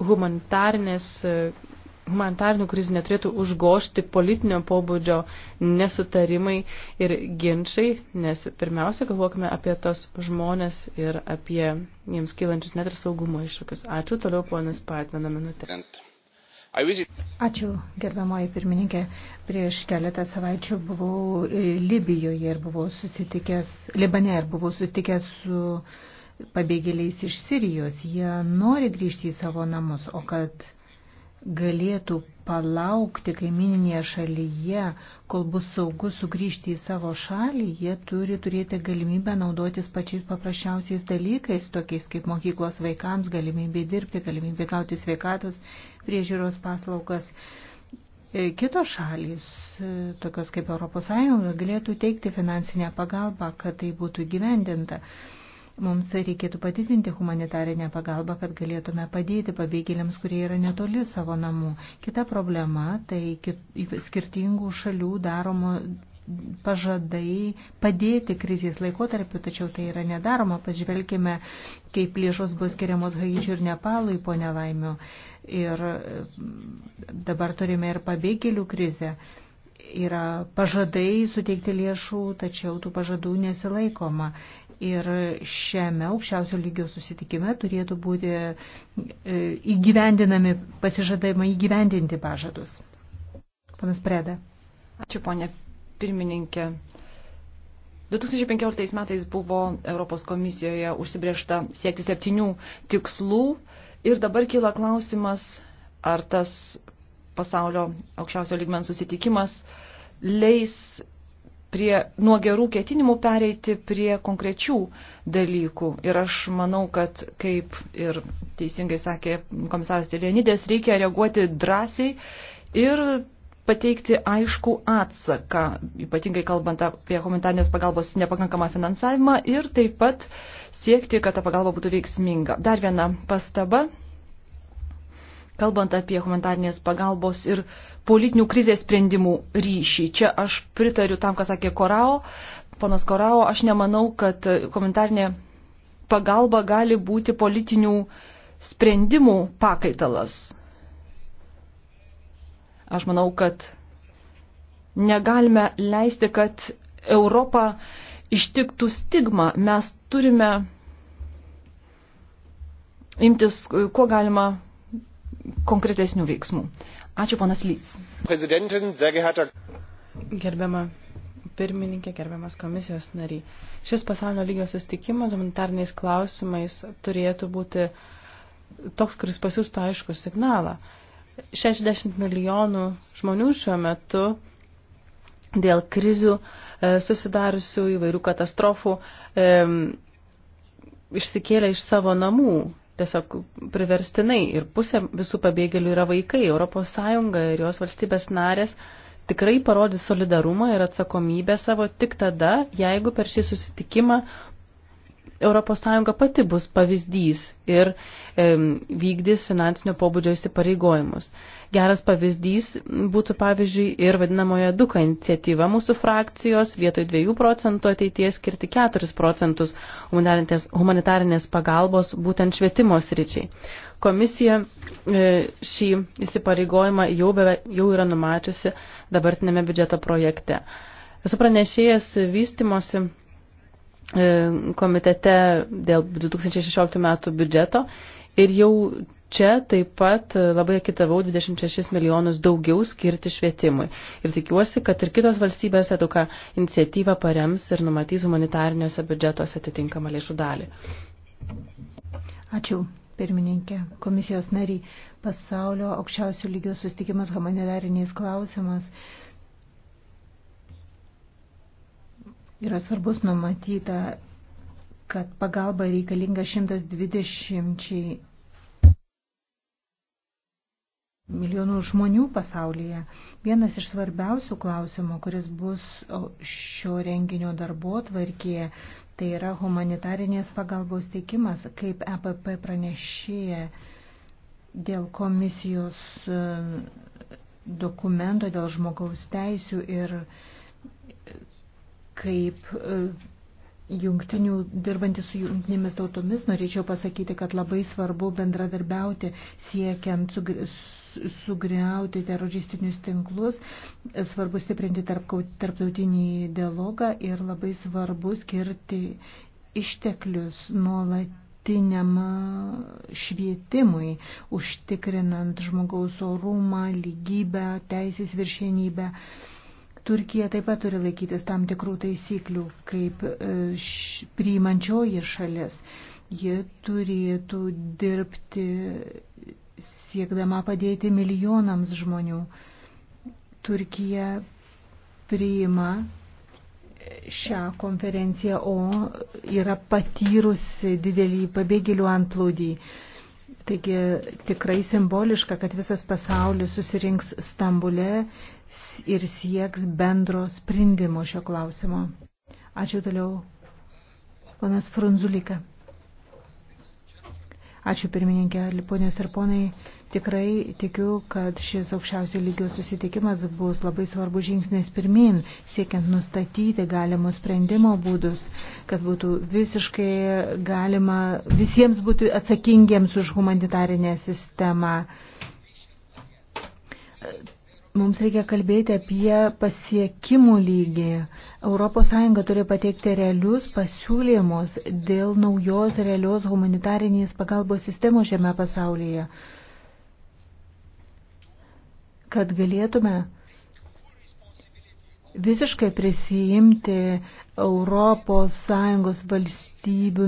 humanitarnės, e, humanitarnių krizių neturėtų užgošti politinio pobūdžio nesutarimai ir ginčiai, nes pirmiausia galvokime apie tos žmonės ir apie jiems kylančius net ir saugumo iššūkius. Ačiū, toliau ponas Pat, vieną minutę. Ačiū, gerbiamoji pirmininkė. Prieš keletą savaičių buvau e, Libijoje ir buvau susitikęs, Libane ir buvau susitikęs su pabėgėliais iš Sirijos. Jie nori grįžti į savo namus, o kad galėtų palaukti kaimininėje šalyje, kol bus saugu sugrįžti į savo šalį, jie turi turėti galimybę naudotis pačiais paprasčiausiais dalykais, tokiais kaip mokyklos vaikams, galimybė dirbti, galimybė gauti sveikatos priežiūros paslaugas. E, kitos šalys, e, tokios kaip ES, galėtų teikti finansinę pagalbą, kad tai būtų gyvendinta. Mums reikėtų padidinti humanitarinę pagalbą, kad galėtume padėti pabėgėliams, kurie yra netoli savo namų. Kita problema - tai kit, skirtingų šalių daromo pažadai padėti krizės laikotarpiu, tačiau tai yra nedaroma. Pažvelkime, kaip lėšos bus skiriamos Haičiui ir Nepalui po nelaimių. Ir dabar turime ir pabėgėlių krizę yra pažadai suteikti lėšų, tačiau tų pažadų nesilaikoma. Ir šiame aukščiausio lygio susitikime turėtų būti e, įgyvendinami, pasižadama įgyvendinti pažadus. Panas Preda. Ačiū, ponė pirmininkė. 2015 metais buvo Europos komisijoje užsibriešta siekti septynių tikslų ir dabar kyla klausimas, ar tas pasaulio aukščiausio lygmens susitikimas leis prie, nuo gerų ketinimų pereiti prie konkrečių dalykų. Ir aš manau, kad, kaip ir teisingai sakė komisaras Telienidės, reikia reaguoti drąsiai ir pateikti aišku atsaką, ypatingai kalbant apie humanitarnės pagalbos nepakankamą finansavimą ir taip pat siekti, kad ta pagalba būtų veiksminga. Dar viena pastaba, kalbant apie humanitarnės pagalbos ir uh, politinių krizės sprendimų ryšį. Čia aš pritariu tam, ką sakė Korao. Ponas Korao, aš nemanau, kad komentarnė pagalba gali būti politinių sprendimų pakaitalas. Aš manau, kad negalime leisti, kad Europą ištiktų stigma. Mes turime imtis kuo galima konkretesnių veiksmų. Ačiū, ponas Lyts. Gerbiama pirmininkė, gerbiamas komisijos nariai. Šis pasaulio lygio sustikimas humanitarniais klausimais turėtų būti toks, kuris pasiūstų aišku signalą. 60 milijonų žmonių šiuo metu dėl krizių e, susidariusių įvairių katastrofų e, išsikėlė iš savo namų tiesiog priverstinai ir pusė visų pabėgėlių yra vaikai. ES ir jos valstybės narės tikrai parodys solidarumą ir atsakomybę savo tik tada, jeigu per šį susitikimą ES pati bus pavyzdys ir e, vykdys finansinio pobūdžio įsipareigojimus. Geras pavyzdys būtų pavyzdžiui ir vadinamoje duka iniciatyva mūsų frakcijos vietoj 2 procentų ateities skirti 4 procentus humanitarinės pagalbos būtent švietimo sričiai. Komisija e, šį įsipareigojimą jau, beve, jau yra numačiusi dabartinėme biudžeto projekte. Esu pranešėjęs vystimosi E, komitete dėl 2016 metų biudžeto ir jau čia taip pat labai akitavau 26 milijonus daugiau skirti švietimui. Ir tikiuosi, kad ir kitos valstybės eduka iniciatyvą parems ir numatys humanitariniuose biudžetuose atitinkamą lėšų dalį. Ačiū. Pirmininkė, komisijos nariai, pasaulio aukščiausių lygių sustikimas humanitariniais klausimas yra svarbus numatyta, kad pagalba reikalinga 120 milijonų žmonių pasaulyje. Vienas iš svarbiausių klausimų, kuris bus šio renginio darbo tvarkėje, tai yra humanitarinės pagalbos teikimas, kaip EPP pranešėja dėl komisijos e, dokumento, dėl žmogaus teisių ir uh, kaip e, jungtinių, dirbantį su jungtinėmis tautomis, norėčiau pasakyti, kad labai svarbu bendradarbiauti siekiant sugriauti teroristinius tinklus, svarbu stiprinti tarp, tarptautinį dialogą ir labai svarbu skirti išteklius nuolatiniam švietimui, užtikrinant žmogaus orumą, lygybę, teisės viršienybę. Uh, Turkija taip pat turi laikytis tam tikrų taisyklių, kaip e, š, priimančioji šalis. Ji turėtų dirbti siekdama padėti milijonams žmonių. Turkija priima šią konferenciją, o yra patyrusi didelį pabėgėlių antplūdį. Taigi tikrai simboliška, kad visas pasaulis susirinks Stambule ir sieks bendro sprendimo šio klausimo. Ačiū toliau, ponas Frunzulika. Ačiū pirmininkė, ponės ir ponai. Tikrai tikiu, kad šis aukščiausio lygio susitikimas bus labai svarbus žingsnis pirmin, siekiant nustatyti galimus sprendimo būdus, kad būtų visiškai galima visiems būtų atsakingiems už humanitarinę sistemą. Mums reikia kalbėti apie pasiekimų lygį. ES turi pateikti realius pasiūlymus dėl naujos realios humanitarinės pagalbos sistemos šiame pasaulyje kad galėtume visiškai prisijimti Europos Sąjungos valstybių,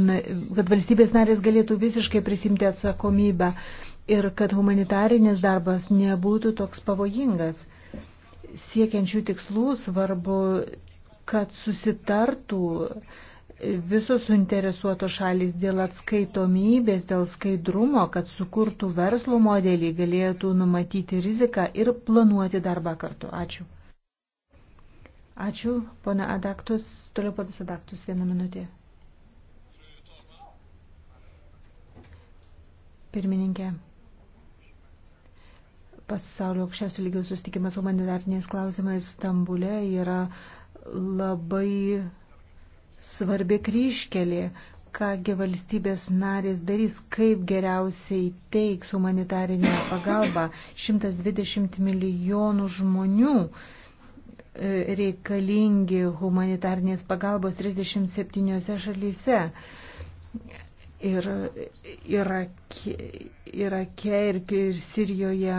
kad valstybės narės galėtų visiškai prisimti atsakomybę ir kad humanitarinis darbas nebūtų toks pavojingas. Siekiančių tikslų svarbu, kad susitartų uh, visos suinteresuotos šalis dėl atskaitomybės, dėl skaidrumo, kad sukurtų verslo modelį, galėtų numatyti riziką ir planuoti darbą kartu. Ačiū. Ačiū, pana Adaktus. Toliau panas Adaktus, vieną minutę. Pirmininkė. Pasaulio aukščiausio lygio sustikimas humanitariniais klausimais Stambule yra labai svarbi kryškelė, kągi valstybės narės darys, kaip geriausiai teiks humanitarinę pagalbą. 120 milijonų žmonių e, reikalingi humanitarnės pagalbos 37 šalyse. Ir Irake, Irake ir, ir Sirijoje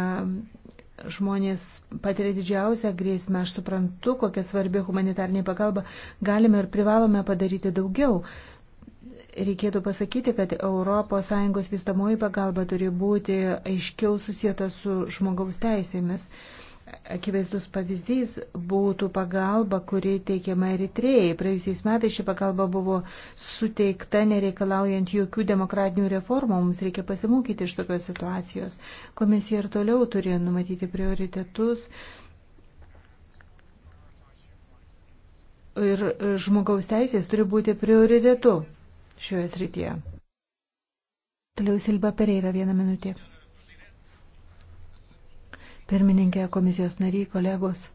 žmonės patiria didžiausią grėsmę. Aš suprantu, kokia svarbi humanitarnė pagalba. Galime ir privalome padaryti daugiau. Reikėtų pasakyti, kad ES vystamoji pagalba turi būti aiškiau susijęta su žmogaus teisėmis. Akivaizdus pavyzdys būtų pagalba, kuri teikiama Eritrėjai. Praėjusiais metais ši pagalba buvo suteikta nereikalaujant jokių demokratinių reformų. Mums reikia pasimokyti iš tokios situacijos. Komisija ir toliau turi numatyti prioritetus. Ir žmogaus teisės turi būti prioritetu šioje srityje. Toliau Silba Pereira vieną minutę pirmininkė, komisijos nariai, kolegos.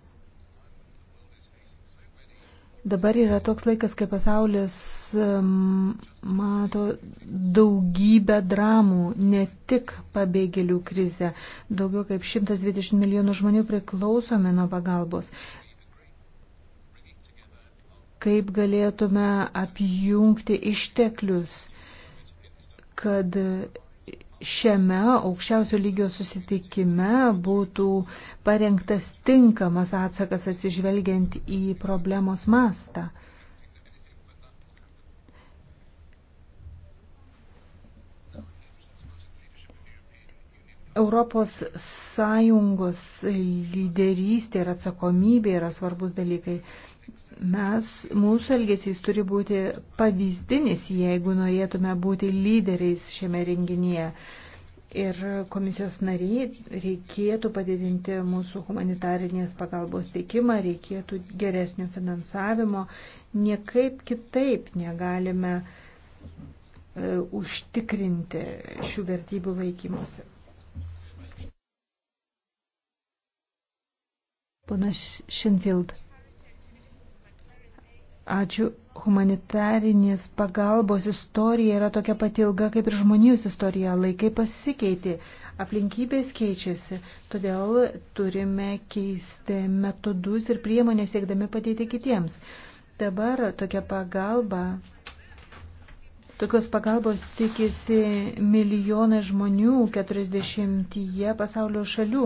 Dabar yra toks laikas, kai pasaulis um, mato daugybę dramų, ne tik pabėgėlių krizę. Daugiau kaip 120 milijonų žmonių priklausomi nuo pagalbos. Kaip galėtume apjungti išteklius, kad šiame aukščiausio lygio susitikime būtų parengtas tinkamas atsakas atsižvelgiant į problemos mastą. Europos Sąjungos lyderystė ir atsakomybė yra svarbus dalykai. Mes, mūsų elgesys turi būti pavyzdinis, jeigu norėtume būti lyderiais šiame renginyje. Ir komisijos nariai reikėtų padidinti mūsų humanitarinės pagalbos teikimą, reikėtų geresnio finansavimo. Niekaip kitaip negalime e, užtikrinti šių vertybių laikymuose. Pana Šinfild. Ačiū. Humanitarinės pagalbos istorija yra tokia pati ilga kaip ir žmonijos istorija. Laikai pasikeitė, aplinkybės keičiasi, todėl turime keisti metodus ir priemonės siekdami padėti kitiems. Dabar tokia pagalba, tokios pagalbos tikisi milijonai žmonių 40 pasaulio šalių,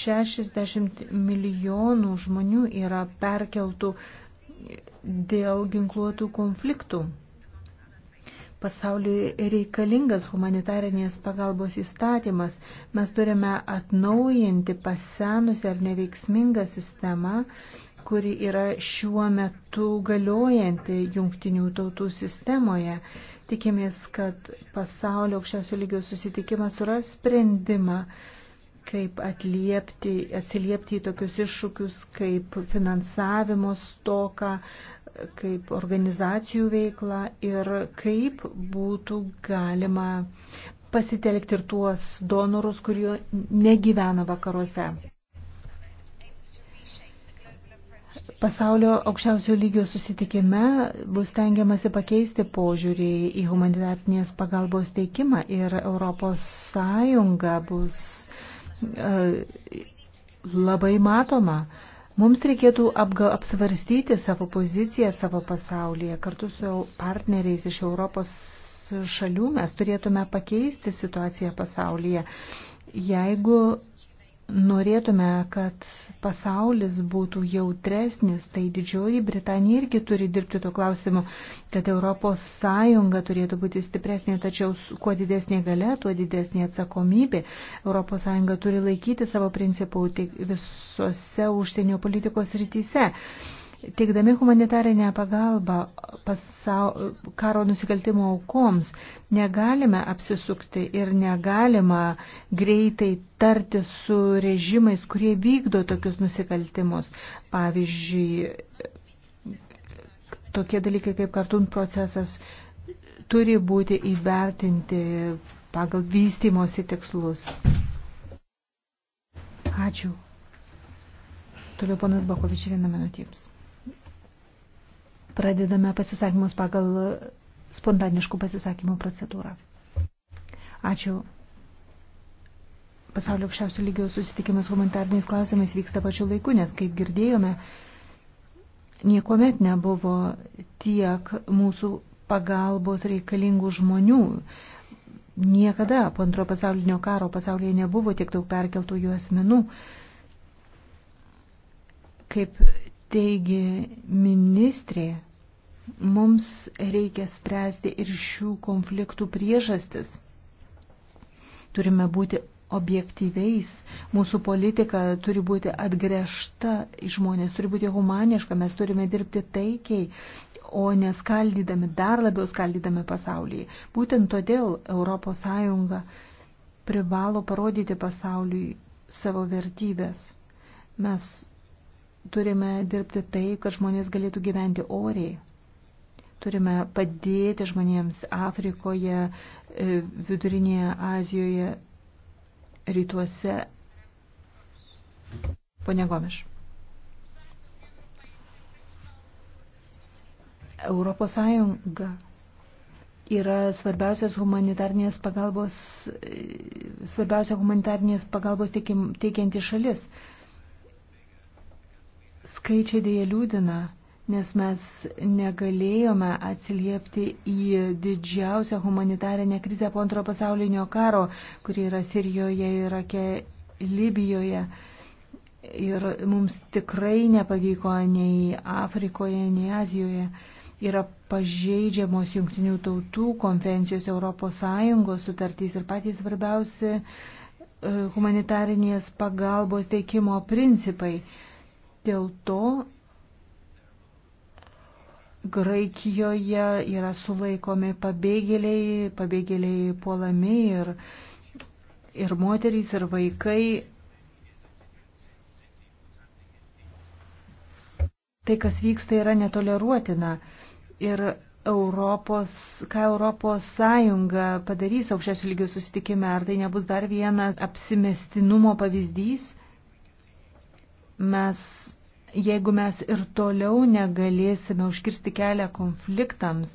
60 milijonų žmonių yra perkeltų dėl ginkluotų konfliktų. Pasauliui reikalingas humanitarinės pagalbos įstatymas. Mes turime atnaujinti pasenusią ar neveiksmingą sistemą, kuri yra šiuo metu galiojanti jungtinių tautų sistemoje. Tikimės, kad pasaulio aukščiausio lygio susitikimas suras sprendimą kaip atliepti, atsiliepti į tokius iššūkius, kaip finansavimo stoka, kaip organizacijų veikla ir kaip būtų galima pasitelkti ir tuos donorus, kurie negyvena vakaruose. Pasaulio aukščiausio lygio susitikime bus tengiamasi pakeisti požiūrį į humanitarnės pagalbos teikimą ir Europos Sąjunga bus uh, E, labai matoma. Mums reikėtų apga, apsvarstyti savo poziciją savo pasaulyje. Kartu su partneriais iš Europos šalių mes turėtume pakeisti situaciją pasaulyje. Jeigu norėtume, kad pasaulis būtų jautresnis, tai Didžioji Britanija irgi turi dirbti tuo klausimu, kad Europos Sąjunga turėtų būti stipresnė, tačiau kuo didesnė galia, tuo didesnė atsakomybė. Europos Sąjunga turi laikyti savo principų visose užsienio politikos rytise. Teikdami humanitarinę pagalbą pasau, karo nusikaltimo aukoms, negalime apsisukti ir negalima greitai tarti su režimais, kurie vykdo tokius nusikaltimus. Pavyzdžiui, tokie dalykai kaip kartun procesas turi būti įvertinti pagal vystimosi tikslus. Ačiū. Toliau ponas Bakovič vieną minutėms. Pradedame pasisakymus pagal spontaniškų pasisakymų procedūrą. Ačiū. Pasaulio aukščiausių lygio susitikimas humanitariniais klausimais vyksta pačiu laiku, nes, kaip girdėjome, niekuomet nebuvo tiek mūsų pagalbos reikalingų žmonių. Niekada po antro pasaulinio karo pasaulyje nebuvo tiek daug perkeltų jų asmenų, kaip Taigi, ministrė, mums reikia spręsti ir šių konfliktų priežastis. Turime būti objektyviais. Mūsų politika turi būti atgręžta į žmonės, turi būti humaniška, mes turime dirbti taikiai, o neskaldydami, dar labiau skaldydami pasaulį. Būtent todėl ES privalo parodyti pasauliui savo vertybės. Mes Turime dirbti taip, kad žmonės galėtų gyventi oriai. Turime padėti žmonėms Afrikoje, e, Vidurinėje Azijoje, rytuose. Pone Gomiš. Europos Sąjunga yra svarbiausias humanitarnės pagalbos, e, svarbiausia humanitarnės pagalbos teikianti šalis. Skaičiai dėja liūdina, nes mes negalėjome atsiliepti į didžiausią humanitarinę krizę po antrojo pasaulinio karo, kuri yra Sirijoje, Irake, Libijoje. Ir mums tikrai nepavyko nei Afrikoje, nei Azijoje. Yra pažeidžiamos jungtinių tautų konvencijos ES sutartys ir patys svarbiausi e, humanitarinės pagalbos teikimo principai Dėl to Graikijoje yra sulaikomi pabėgėliai, pabėgėliai puolami ir, ir moterys, ir vaikai. Tai, kas vyksta, yra netoleruotina. Ir Europos, ką Europos Sąjunga padarys aukščiausių lygių susitikime, ar tai nebus dar vienas apsimestinumo pavyzdys? mes, jeigu mes ir toliau negalėsime užkirsti kelią konfliktams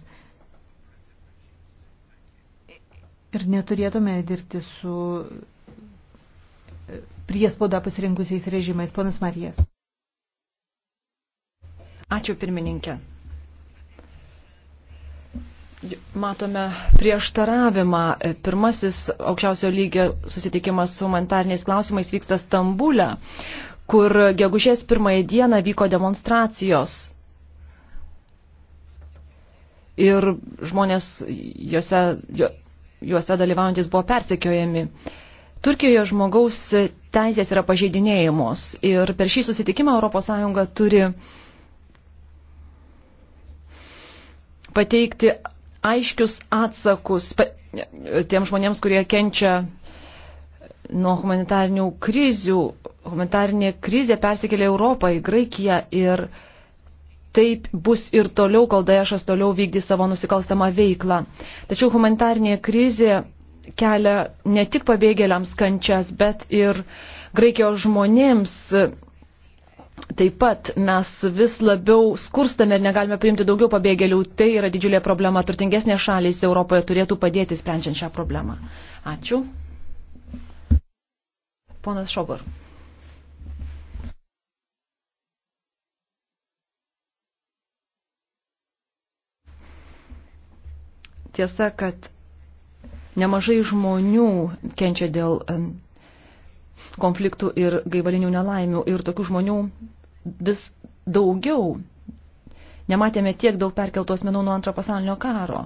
ir neturėtume dirbti su e, priespaudą pasirinkusiais režimais. Ponas Marijas. Ačiū pirmininkė. Matome prieštaravimą. E, pirmasis aukščiausio lygio susitikimas su humanitariniais klausimais vyksta Stambulė kur gegužės pirmąją dieną vyko demonstracijos. Ir žmonės juose, juose dalyvaujantis buvo persekiojami. Turkijoje žmogaus teisės yra pažeidinėjimos ir per šį susitikimą ES turi pateikti aiškius atsakus tiems žmonėms, kurie kenčia nuo humanitarnių krizių humanitarinė krizė persikėlė Europą į Graikiją ir taip bus ir toliau, kol Daešas toliau vykdys savo nusikalstamą veiklą. Tačiau humanitarinė krizė kelia ne tik pabėgėliams kančias, bet ir Graikijos žmonėms. Taip pat mes vis labiau skurstame ir negalime priimti daugiau pabėgėlių. Tai yra didžiulė problema. Turtingesnės šalys Europoje turėtų padėti sprendžiant šią problemą. Ačiū. Ponas Šobor. tiesa, kad nemažai žmonių kenčia dėl konfliktų ir gaivalinių nelaimių ir tokių žmonių vis daugiau. Nematėme tiek daug perkeltų asmenų nuo antro pasaulinio karo.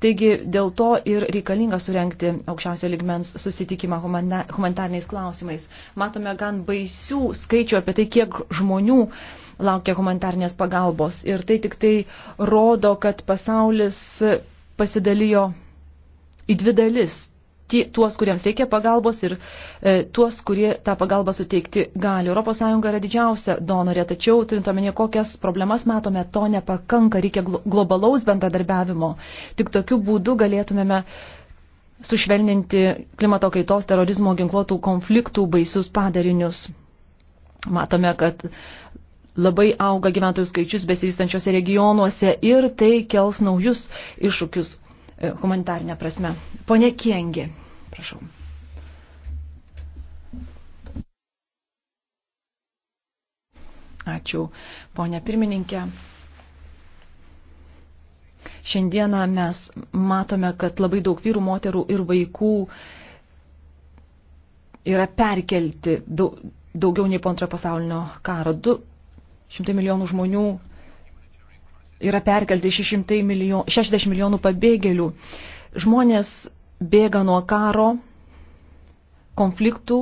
Taigi dėl to ir reikalinga surenkti aukščiausio ligmens susitikimą humanitarniais klausimais. Matome gan baisių skaičių apie tai, kiek žmonių laukia humanitarnės pagalbos. Ir tai tik tai rodo, kad pasaulis pasidalijo į dvi dalis tie, tuos, kuriems reikia pagalbos ir e, tuos, kurie tą pagalbą suteikti gali. ES yra didžiausia donorė, tačiau turint omenyje, kokias problemas matome, to nepakanka, reikia glo globalaus bendradarbiavimo. Tik tokiu būdu galėtumėme sušvelninti klimato kaitos, terorizmo, ginkluotų konfliktų baisius padarinius. Matome, kad labai auga gyventojų skaičius besivystančiose regionuose ir tai kels naujus iššūkius e, humanitarnė prasme. Pone Kiengi, prašau. Ačiū, ponė pirmininkė. Šiandieną mes matome, kad labai daug vyrų, moterų ir vaikų yra perkelti daugiau nei po antrojo pasaulinio karo. Du, 100 milijonų žmonių yra perkelti 600 milijonų, 60 milijonų pabėgėlių. Žmonės bėga nuo karo, konfliktų,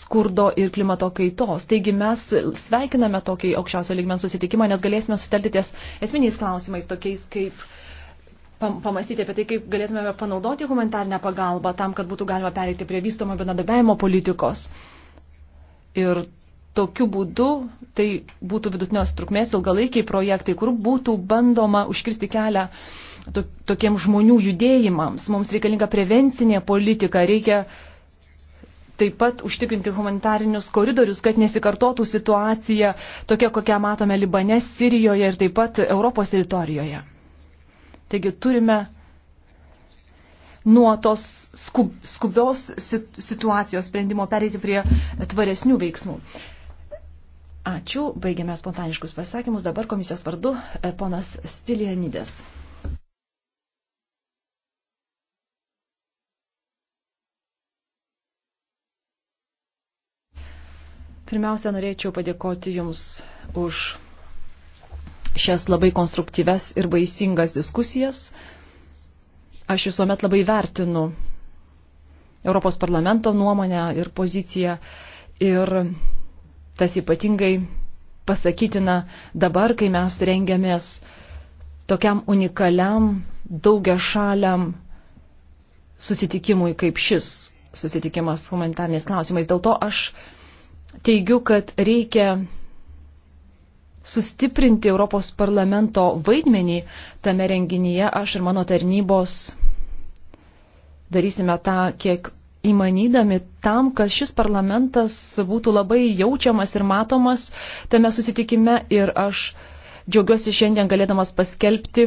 skurdo ir klimato kaitos. Taigi mes sveikiname tokį aukščiausio lygmens susitikimą, nes galėsime sutelti ties esminiais klausimais, tokiais kaip pamastyti apie tai, kaip galėtume panaudoti humanitarnę pagalbą tam, kad būtų galima pereiti prie vystomo bendradarbiavimo politikos. Ir tokiu būdu tai būtų vidutinios trukmės ilgalaikiai projektai, kur būtų bandoma užkirsti kelią tokiems žmonių judėjimams. Mums reikalinga prevencinė politika, reikia taip pat užtikrinti humanitarinius koridorius, kad nesikartotų situacija tokia, kokią matome Libane, Sirijoje ir taip pat Europos teritorijoje. Taigi turime nuo tos skub, skubios situacijos sprendimo pereiti prie tvaresnių veiksmų. Ačiū, baigiame spontaniškus pasakymus. Dabar komisijos vardu e, ponas Stilianidas. Pirmiausia, norėčiau padėkoti Jums už šias labai konstruktyves ir vaisingas diskusijas. Aš visuomet labai vertinu Europos parlamento nuomonę ir poziciją ir Tas ypatingai pasakytina dabar, kai mes rengiamės tokiam unikaliam, daugia šaliam susitikimui kaip šis susitikimas humanitarniais klausimais. Dėl to aš teigiu, kad reikia sustiprinti Europos parlamento vaidmenį tame renginyje. Aš ir mano tarnybos darysime tą, kiek įmanydami tam, kad šis parlamentas būtų labai jaučiamas ir matomas tame susitikime ir aš džiaugiuosi šiandien galėdamas paskelbti,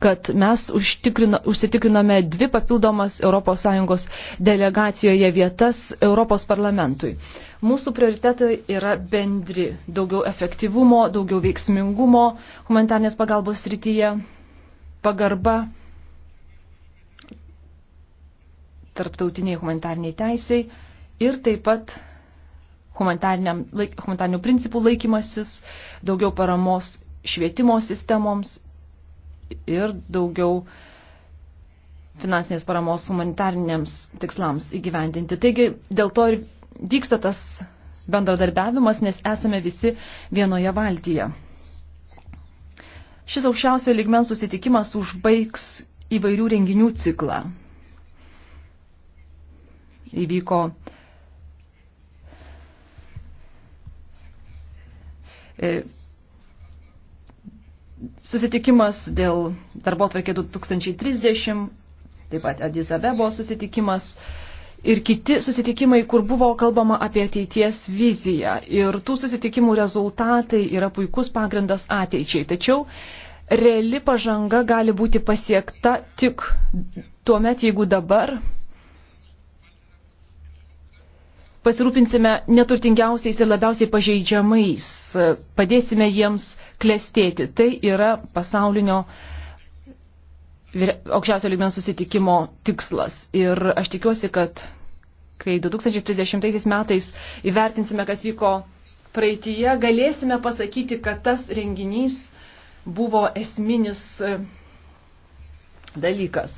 kad mes užsitikriname dvi papildomas ES delegacijoje vietas Europos parlamentui. Mūsų prioritetai yra bendri - daugiau efektyvumo, daugiau veiksmingumo humanitarnės pagalbos srityje, pagarba tarptautiniai humanitariniai teisiai ir taip pat humanitarinių principų laikymasis, daugiau paramos švietimo sistemoms ir daugiau finansinės paramos humanitariniams tikslams įgyvendinti. Taigi dėl to ir vyksta tas bendradarbiavimas, nes esame visi vienoje valtyje. Šis aukščiausio lygmens susitikimas užbaigs įvairių renginių ciklą įvyko e, susitikimas dėl darbo atvarkė 2030, taip pat Adis Abebo susitikimas ir kiti susitikimai, kur buvo kalbama apie ateities viziją. Ir tų susitikimų rezultatai yra puikus pagrindas ateičiai. Tačiau reali pažanga gali būti pasiekta tik tuo met, jeigu dabar pasirūpinsime neturtingiausiais ir labiausiai pažeidžiamais, padėsime jiems klestėti. Tai yra pasaulinio aukščiausio lygmens susitikimo tikslas. Ir aš tikiuosi, kad kai 2030 metais įvertinsime, kas vyko praeitie, galėsime pasakyti, kad tas renginys buvo esminis e, dalykas.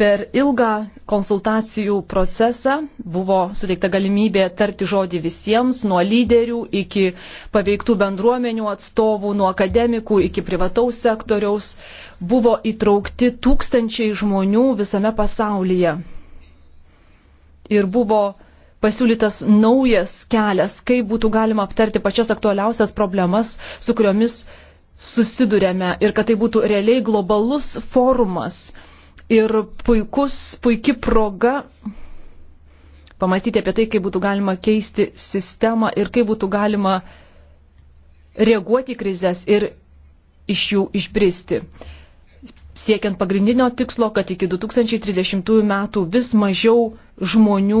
Per ilgą konsultacijų procesą buvo suteikta galimybė tarti žodį visiems, nuo lyderių iki paveiktų bendruomenių atstovų, nuo akademikų iki privataus sektoriaus. Buvo įtraukti tūkstančiai žmonių visame pasaulyje. Ir buvo pasiūlytas naujas kelias, kaip būtų galima aptarti pačias aktualiausias problemas, su kuriomis susidurėme ir kad tai būtų realiai globalus forumas ir puikus, puiki proga pamastyti apie tai, kaip būtų galima keisti sistemą ir kaip būtų galima reaguoti į krizės ir iš jų išbristi. Siekiant pagrindinio tikslo, kad iki 2030 metų vis mažiau žmonių,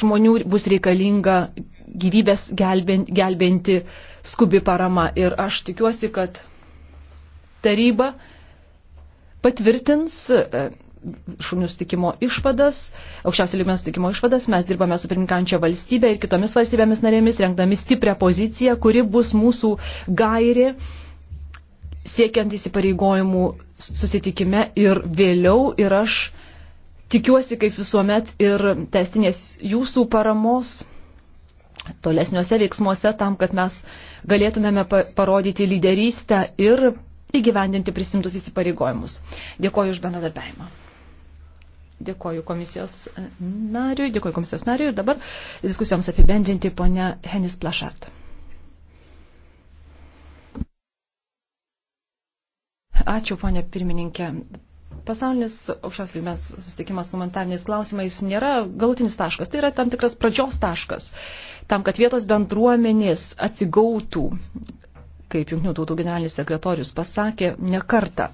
žmonių bus reikalinga gyvybės gelbinti, gelbinti skubi parama. Ir aš tikiuosi, kad taryba patvirtins e, šunių stikimo išvadas, aukščiausio lygmens stikimo išvadas, mes dirbame su pirmininkančia valstybė ir kitomis valstybėmis narėmis, rengdami stiprią poziciją, kuri bus mūsų gairi siekiant įsipareigojimų susitikime ir vėliau ir aš tikiuosi kaip visuomet ir testinės jūsų paramos tolesniuose veiksmuose tam, kad mes galėtumėme parodyti lyderystę ir įgyvendinti prisimtus įsipareigojimus. Dėkoju už bendradarbiavimą. Dėkoju komisijos nariui, dėkoju komisijos nariui ir dabar diskusijoms apibendrinti ponia Henis Plašart. Ačiū, ponė pirmininkė. Pasaulinis aukščiaus lygmens susitikimas su humanitariniais klausimais nėra galutinis taškas, tai yra tam tikras pradžios taškas, tam, kad vietos bendruomenės atsigautų, kaip Junktinių tautų generalinis sekretorius pasakė, ne kartą.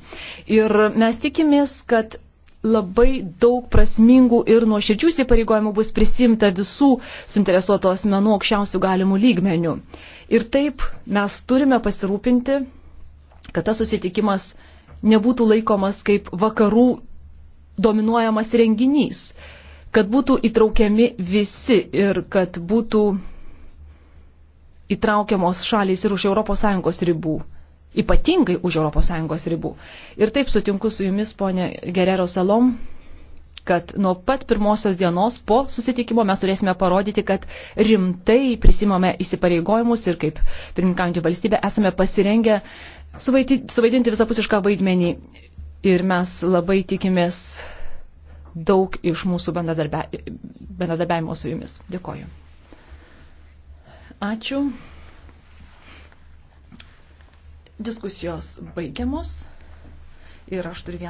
Ir mes tikimės, kad labai daug prasmingų ir nuoširdžių įsipareigojimų bus prisimta visų suinteresuoto asmenų aukščiausių galimų lygmenių. Ir taip mes turime pasirūpinti, kad tas susitikimas nebūtų laikomas kaip vakarų dominuojamas renginys, kad būtų įtraukiami visi ir kad būtų įtraukiamos šalys ir už ES ribų, ypatingai už ES ribų. Ir taip sutinku su jumis, ponė Gerero Salom, kad nuo pat pirmosios dienos po susitikimo mes turėsime parodyti, kad rimtai prisimame įsipareigojimus ir kaip pirmininkaujantį valstybę esame pasirengę suvaidinti visapusišką vaidmenį. Ir mes labai tikimės daug iš mūsų bendradarbiavimo su jumis. Dėkoju. Ačiū. Diskusijos baigiamos ir aš turiu vieną.